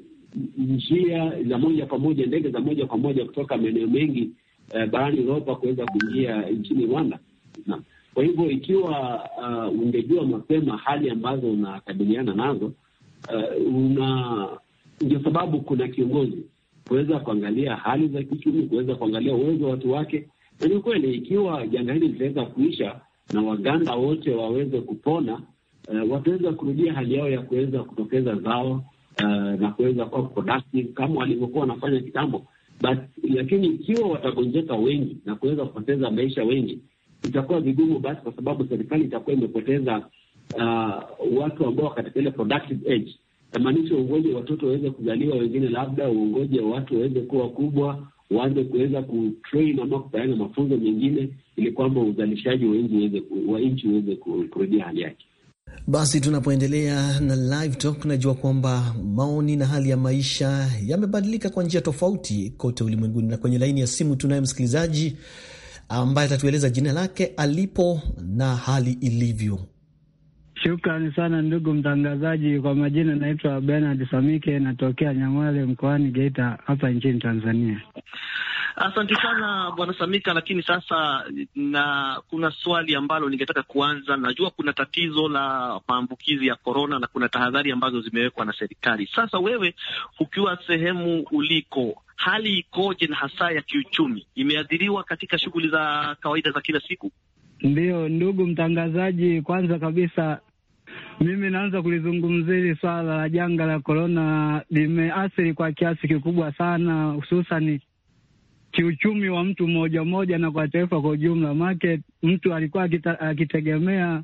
njia za moja kwa moja, ndege za moja kwa moja kutoka maeneo mengi eh, barani Europa kuweza kuingia nchini Rwanda. Kwa hivyo ikiwa uh, ungejua mapema hali ambazo unakabiliana nazo uh, una ndio sababu kuna kiongozi kuweza kuangalia hali za kiuchumi, kuweza kuangalia uwezo wa watu wake. Na ni kweli ikiwa janga hili litaweza kuisha na Waganda wote waweze kupona, uh, wataweza kurudia hali yao ya kuweza kutokeza zao uh, na kuweza kuwa productive kama walivyokuwa wanafanya kitambo. But lakini ikiwa watagonjeka wengi na kuweza kupoteza maisha wengi, itakuwa vigumu basi, kwa sababu serikali itakuwa imepoteza uh, watu ambao wa katika ile productive age tamaanisha uongoje watoto waweze kuzaliwa, wengine labda uongoje watu waweze kuwa kubwa, waanze kuweza kutrain ama kupeana mafunzo mengine, ili kwamba uzalishaji wa nchi uweze kurudia hali yake. Basi tunapoendelea na live talk, najua kwamba maoni na hali ya maisha yamebadilika kwa njia tofauti kote ulimwenguni, na kwenye laini ya simu tunaye msikilizaji ambaye atatueleza jina lake, alipo na hali ilivyo. Shukrani sana ndugu mtangazaji. Kwa majina naitwa Bernard Samike, natokea Nyamwale mkoani Geita hapa nchini Tanzania. Asante sana bwana Samika, lakini sasa na kuna swali ambalo ningetaka kuanza. Najua kuna tatizo la maambukizi ya korona na kuna tahadhari ambazo zimewekwa na serikali. Sasa wewe ukiwa sehemu uliko, hali ikoje, na hasa ya kiuchumi imeathiriwa katika shughuli za kawaida za kila siku? Ndiyo ndugu mtangazaji, kwanza kabisa mimi naanza kulizungumzia hili swala la janga la korona, limeathiri kwa kiasi kikubwa sana, hususani kiuchumi wa mtu mmoja mmoja na kwa taifa kwa ujumla. Make mtu alikuwa akitegemea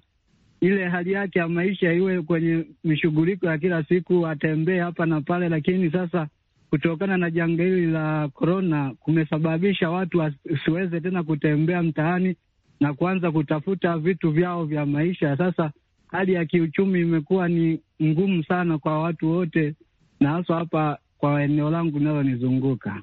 ile hali yake ya maisha iwe kwenye mishughuliko ya kila siku, atembee hapa na pale, lakini sasa kutokana na janga hili la korona kumesababisha watu wasiweze tena kutembea mtaani na kuanza kutafuta vitu vyao vya maisha. Sasa hali ya kiuchumi imekuwa ni ngumu sana kwa watu wote, na haswa hapa kwa eneo langu linalonizunguka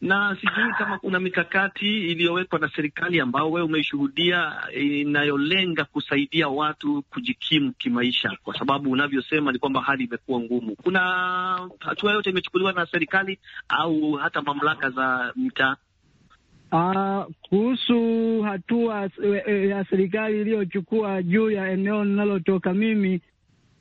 na sijui kama kuna mikakati iliyowekwa na serikali ambao wewe umeishuhudia eh, inayolenga kusaidia watu kujikimu kimaisha, kwa sababu unavyosema ni kwamba hali imekuwa ngumu. Kuna hatua yote imechukuliwa na serikali au hata mamlaka za mtaa? Uh, ah, kuhusu hatua eh, eh, ya serikali iliyochukua juu ya eneo linalotoka mimi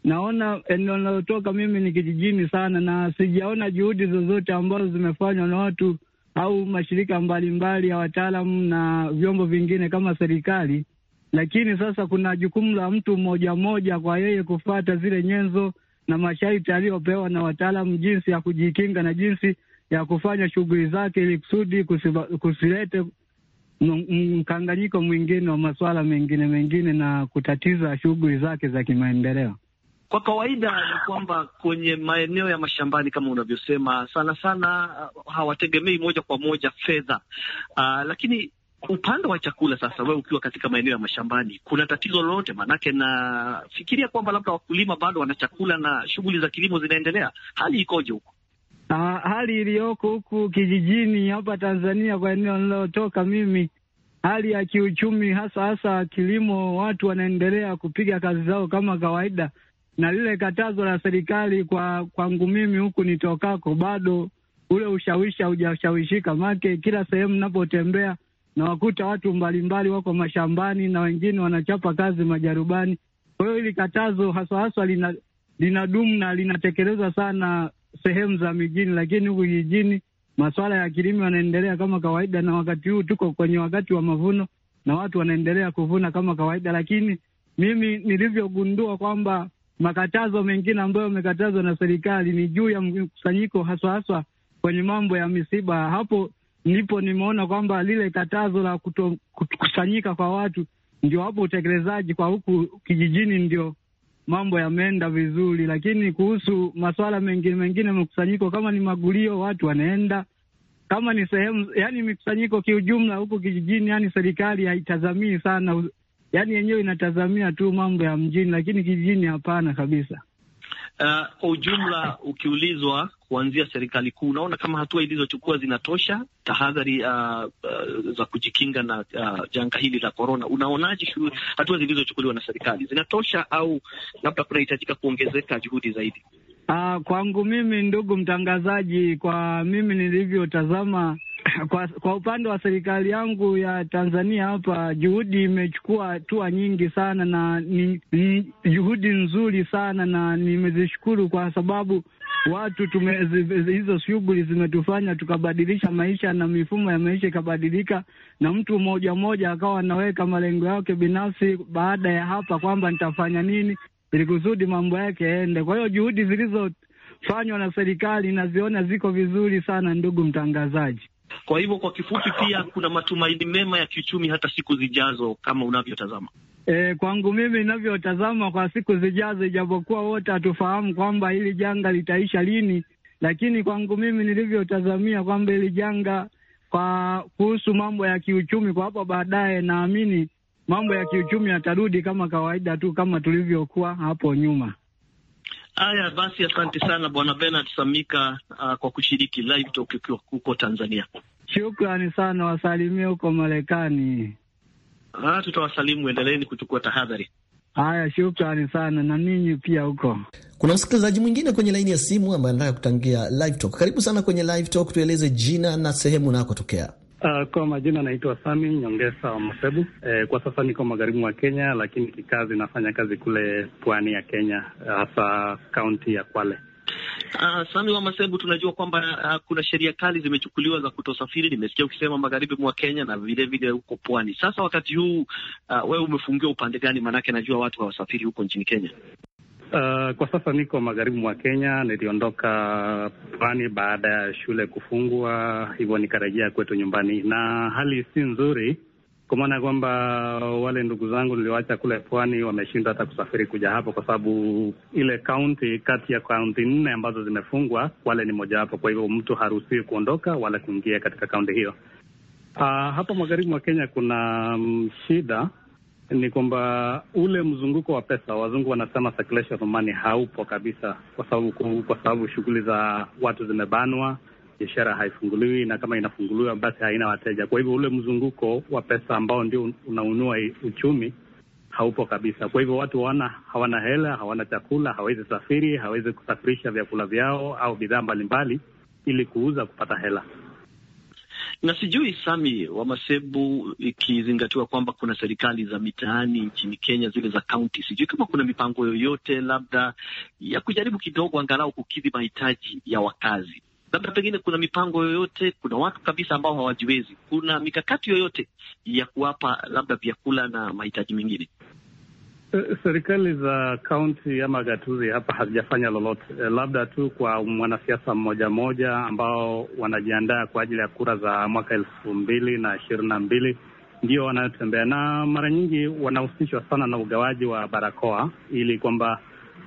naona eneo linalotoka mimi ni kijijini sana, na sijaona juhudi zozote ambazo zimefanywa na watu au mashirika mbalimbali mbali ya wataalamu na vyombo vingine kama serikali. Lakini sasa kuna jukumu la mtu mmoja mmoja kwa yeye kufata zile nyenzo na masharti aliyopewa na wataalamu, jinsi ya kujikinga na jinsi ya kufanya shughuli zake, ili kusudi kusilete mkanganyiko mwingine wa masuala mengine mengine na kutatiza shughuli zake za kimaendeleo. Kwa kawaida ni kwamba kwenye maeneo ya mashambani kama unavyosema, sana sana uh, hawategemei moja kwa moja fedha uh, lakini upande wa chakula sasa, wewe ukiwa katika maeneo ya mashambani, kuna tatizo lolote? Maanake nafikiria kwamba labda wakulima bado wana chakula na shughuli za kilimo zinaendelea. Hali ikoje huko? Ah, hali iliyoko huku kijijini hapa Tanzania, kwa eneo nilotoka mimi, hali ya kiuchumi hasa hasa kilimo, watu wanaendelea kupiga kazi zao kama kawaida, na lile katazo la serikali kwa kwangu mimi huku nitokako bado ule ushawishi haujashawishika, make kila sehemu napotembea nawakuta watu mbalimbali wako mashambani na wengine wanachapa kazi majarubani. Kwa hiyo hili katazo haswa haswa lina linadumu na linatekelezwa sana sehemu za mijini, lakini huku jijini masuala ya kilimo yanaendelea kama kawaida, na wakati huu tuko kwenye wakati wa mavuno na watu wanaendelea kuvuna kama kawaida, lakini mimi nilivyogundua kwamba Makatazo mengine ambayo yamekatazwa na serikali ni juu ya mkusanyiko, haswa haswa kwenye mambo ya misiba. Hapo ndipo nimeona kwamba lile katazo la kukusanyika kwa watu ndio hapo utekelezaji kwa huku kijijini ndio mambo yameenda vizuri, lakini kuhusu masuala mengine mengine, mkusanyiko kama ni magulio, watu wanaenda kama ni sehemu, yani mikusanyiko kiujumla huku kijijini, yani serikali haitazamii sana yaani yenyewe inatazamia tu mambo ya mjini, lakini kijijini hapana kabisa. Uh, kwa ujumla ukiulizwa kuanzia serikali kuu, unaona kama hatua ilizochukua zinatosha tahadhari uh, uh, za kujikinga na uh, janga hili la korona. Unaonaje hatua zilizochukuliwa na serikali zinatosha au labda kunahitajika kuongezeka juhudi zaidi? Uh, kwangu mimi, ndugu mtangazaji, kwa mimi nilivyotazama Kwa, kwa upande wa serikali yangu ya Tanzania hapa, juhudi imechukua hatua nyingi sana na ni, ni juhudi nzuri sana na nimezishukuru kwa sababu watu tume, hizo shughuli zimetufanya tukabadilisha maisha na mifumo ya maisha ikabadilika, na mtu mmoja mmoja akawa anaweka malengo yake binafsi baada ya hapa kwamba nitafanya nini ili kusudi mambo yake yaende. Kwa hiyo juhudi zilizofanywa na serikali naziona ziko vizuri sana, ndugu mtangazaji. Kwa hivyo kwa kifupi, pia kuna matumaini mema ya kiuchumi hata siku zijazo kama unavyotazama? E, kwangu mimi ninavyotazama kwa siku zijazo, ijapokuwa wote hatufahamu kwamba hili janga litaisha lini, lakini kwangu mimi nilivyotazamia kwamba hili janga kwa kuhusu mambo ya kiuchumi kwa hapo baadaye, naamini mambo ya kiuchumi yatarudi kama kawaida tu kama tulivyokuwa hapo nyuma. Haya basi, asante sana Bwana Bernard Samika uh, kwa kushiriki live talk ukiwa huko Tanzania. Shukrani sana, wasalimie huko Marekani. Ah, tutawasalimu, endeleeni kuchukua tahadhari. Haya, shukrani sana na ninyi pia huko. Kuna msikilizaji mwingine kwenye laini ya simu ambaye anataka kutangia live talk. Karibu sana kwenye live talk, tueleze jina na sehemu unakotokea. Uh, kwa majina naitwa Sami Nyongesa wa Masebu. Eh, kwa sasa niko magharibi mwa Kenya, lakini kikazi nafanya kazi kule pwani ya Kenya, hasa kaunti ya Kwale. Uh, Sami wa Masebu, tunajua kwamba uh, kuna sheria kali zimechukuliwa za kutosafiri. Nimesikia ukisema magharibi mwa Kenya na vile vile huko pwani. Sasa wakati huu uh, wewe umefungiwa upande gani? Maanake najua watu hawasafiri huko nchini Kenya. Uh, kwa sasa niko magharibi mwa Kenya. Niliondoka pwani baada ya shule kufungwa, hivyo nikarejea kwetu nyumbani, na hali si nzuri, kwa maana ya kwamba wale ndugu zangu nilioacha kule pwani wameshindwa hata kusafiri kuja hapo, kwa sababu ile kaunti, kati ya kaunti nne ambazo zimefungwa, wale ni mojawapo. Kwa hivyo mtu haruhusiwi kuondoka wala kuingia katika kaunti hiyo. Uh, hapa magharibi mwa Kenya kuna um, shida ni kwamba ule mzunguko wa pesa, wazungu wanasema circulation of money, haupo kabisa, kwa sababu kwa sababu shughuli za watu zimebanwa, biashara haifunguliwi, na kama inafunguliwa basi haina wateja. Kwa hivyo ule mzunguko wa pesa ambao ndio unaunua uchumi haupo kabisa. Kwa hivyo watu wana hawana hela, hawana chakula, hawezi safiri, hawezi kusafirisha vyakula vyao au bidhaa mbalimbali ili kuuza kupata hela na sijui Sami wa Masebu, ikizingatiwa kwamba kuna serikali za mitaani nchini Kenya, zile za kaunti, sijui kama kuna mipango yoyote labda ya kujaribu kidogo angalau kukidhi mahitaji ya wakazi labda pengine kuna mipango yoyote, kuna watu kabisa ambao hawajiwezi, kuna mikakati yoyote ya kuwapa labda vyakula na mahitaji mengine? serikali za kaunti ama gatuzi hapa hazijafanya lolote, eh, labda tu kwa mwanasiasa mmoja mmoja ambao wanajiandaa kwa ajili ya kura za mwaka elfu mbili na ishirini na mbili ndio wanayotembea, na mara nyingi wanahusishwa sana na ugawaji wa barakoa ili kwamba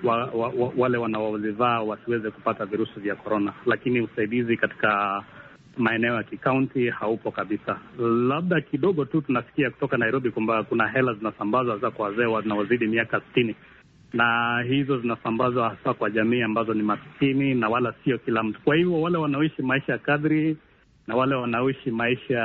wa, wa, wa, wale wanaozivaa wasiweze kupata virusi vya korona, lakini usaidizi katika maeneo ya kikaunti haupo kabisa. Labda kidogo tu tunasikia kutoka Nairobi kwamba kuna hela zinasambazwa hasa kwa wazee wanaozidi miaka sitini, na hizo zinasambazwa hasa kwa jamii ambazo ni maskini na wala sio kila mtu. Kwa hivyo wale wanaoishi maisha ya kadri na wale wanaoishi maisha,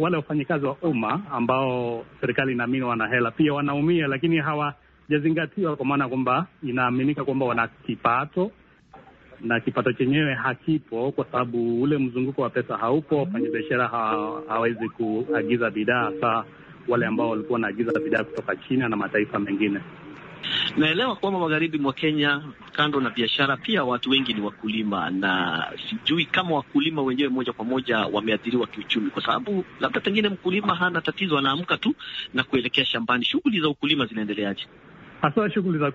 wale wafanyikazi wa umma ambao serikali inaamini wana hela pia wanaumia, lakini hawajazingatiwa kwa maana kwamba inaaminika kwamba wana kipato na kipato chenyewe hakipo, kwa sababu ule mzunguko wa pesa haupo. Wafanyabiashara hawezi kuagiza bidhaa, hasa wale ambao walikuwa wanaagiza bidhaa kutoka China na mataifa mengine. Naelewa kwamba magharibi mwa Kenya, kando na biashara, pia watu wengi ni wakulima, na sijui kama wakulima wenyewe moja kwa moja wameathiriwa kiuchumi, kwa sababu labda pengine mkulima hana tatizo, anaamka tu na kuelekea shambani. Shughuli za ukulima zinaendeleaje? Hasa shughuli za,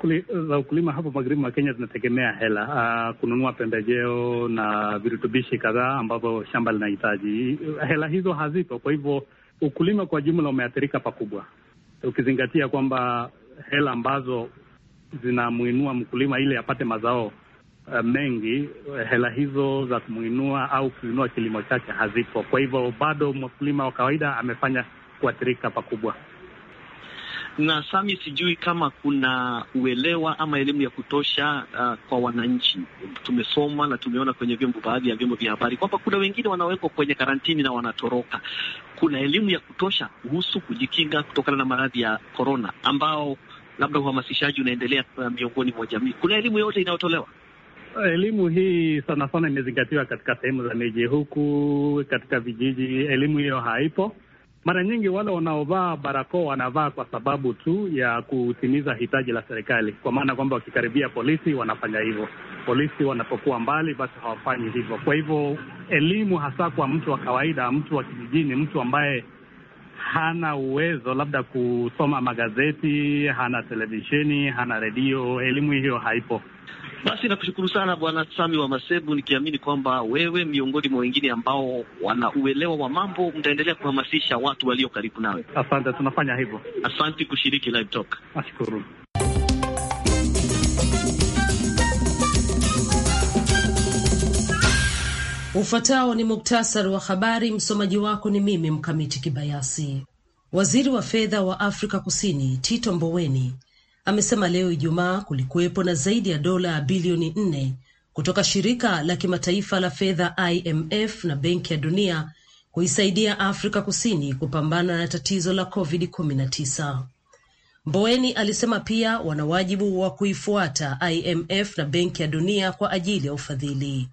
za ukulima hapa magharibi mwa Kenya zinategemea hela, uh, kununua pembejeo na virutubishi kadhaa ambavyo shamba linahitaji. Hela hizo hazipo, kwa hivyo ukulima kwa jumla umeathirika pakubwa, ukizingatia kwamba hela ambazo zinamwinua mkulima ili apate mazao uh, mengi, hela hizo za kumwinua au kuinua kilimo chake hazipo. Kwa hivyo bado mkulima wa kawaida amefanya kuathirika pakubwa na sami, sijui kama kuna uelewa ama elimu ya kutosha uh, kwa wananchi. Tumesoma na tumeona kwenye vyombo, baadhi ya vyombo vya habari kwamba kuna wengine wanawekwa kwenye karantini na wanatoroka. Kuna elimu ya kutosha kuhusu kujikinga kutokana na maradhi ya korona, ambao labda uhamasishaji unaendelea uh, miongoni mwa jamii. Kuna elimu yote inayotolewa Elimu hii sana sana imezingatiwa katika sehemu za miji, huku katika vijiji elimu hiyo haipo. Mara nyingi wale wanaovaa barakoa wanavaa kwa sababu tu ya kutimiza hitaji la serikali, kwa maana kwamba wakikaribia polisi wanafanya hivyo, polisi wanapokuwa mbali, basi hawafanyi hivyo. Kwa hivyo elimu, hasa kwa mtu wa kawaida, mtu wa kijijini, mtu ambaye hana uwezo labda kusoma magazeti, hana televisheni, hana redio, elimu hiyo haipo. Basi nakushukuru sana Bwana Sami wa Masebu, nikiamini kwamba wewe miongoni mwa wengine ambao wana uelewa wa mambo mtaendelea kuhamasisha watu walio karibu nawe. Asante, tunafanya hivyo. Asante kushiriki live talk. Nashukuru. Ufuatao ni muktasari wa habari. Msomaji wako ni mimi Mkamiti Kibayasi. Waziri wa fedha wa Afrika Kusini Tito Mboweni amesema leo Ijumaa kulikuwepo na zaidi ya dola bilioni nne kutoka shirika la kimataifa la fedha IMF na Benki ya Dunia kuisaidia Afrika Kusini kupambana na tatizo la COVID-19. Mboweni alisema pia wana wajibu wa kuifuata IMF na Benki ya Dunia kwa ajili ya ufadhili.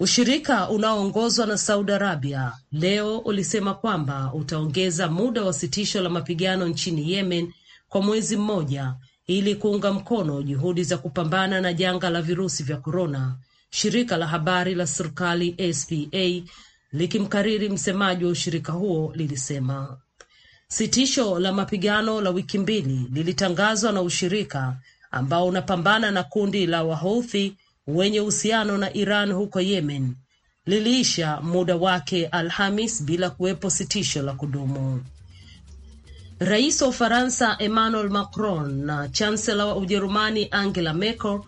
Ushirika unaoongozwa na Saudi Arabia leo ulisema kwamba utaongeza muda wa sitisho la mapigano nchini Yemen kwa mwezi mmoja ili kuunga mkono juhudi za kupambana na janga la virusi vya korona, shirika la habari la serikali SPA likimkariri msemaji wa ushirika huo lilisema sitisho la mapigano la wiki mbili lilitangazwa na ushirika ambao unapambana na kundi la Wahouthi wenye uhusiano na Iran huko Yemen liliisha muda wake Alhamis bila kuwepo sitisho la kudumu. Rais wa Ufaransa Emmanuel Macron na chancela wa Ujerumani Angela Merkel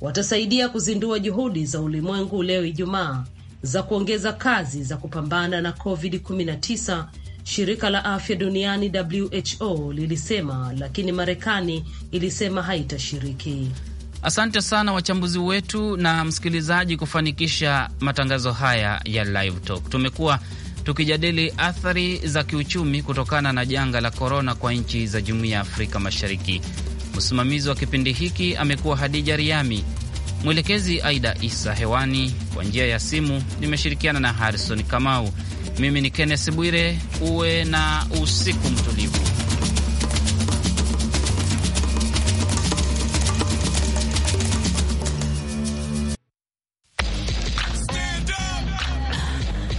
watasaidia kuzindua juhudi za ulimwengu leo Ijumaa za kuongeza kazi za kupambana na COVID-19, shirika la afya duniani WHO lilisema, lakini Marekani ilisema haitashiriki. Asante sana wachambuzi wetu na msikilizaji kufanikisha matangazo haya ya Live Talk. Tumekuwa tukijadili athari za kiuchumi kutokana na janga la korona kwa nchi za jumuiya ya Afrika Mashariki. Msimamizi wa kipindi hiki amekuwa Hadija Riami, mwelekezi Aida Isa. Hewani kwa njia ya simu nimeshirikiana na Harrison Kamau. Mimi ni Kenneth Bwire. Uwe na usiku mtulivu.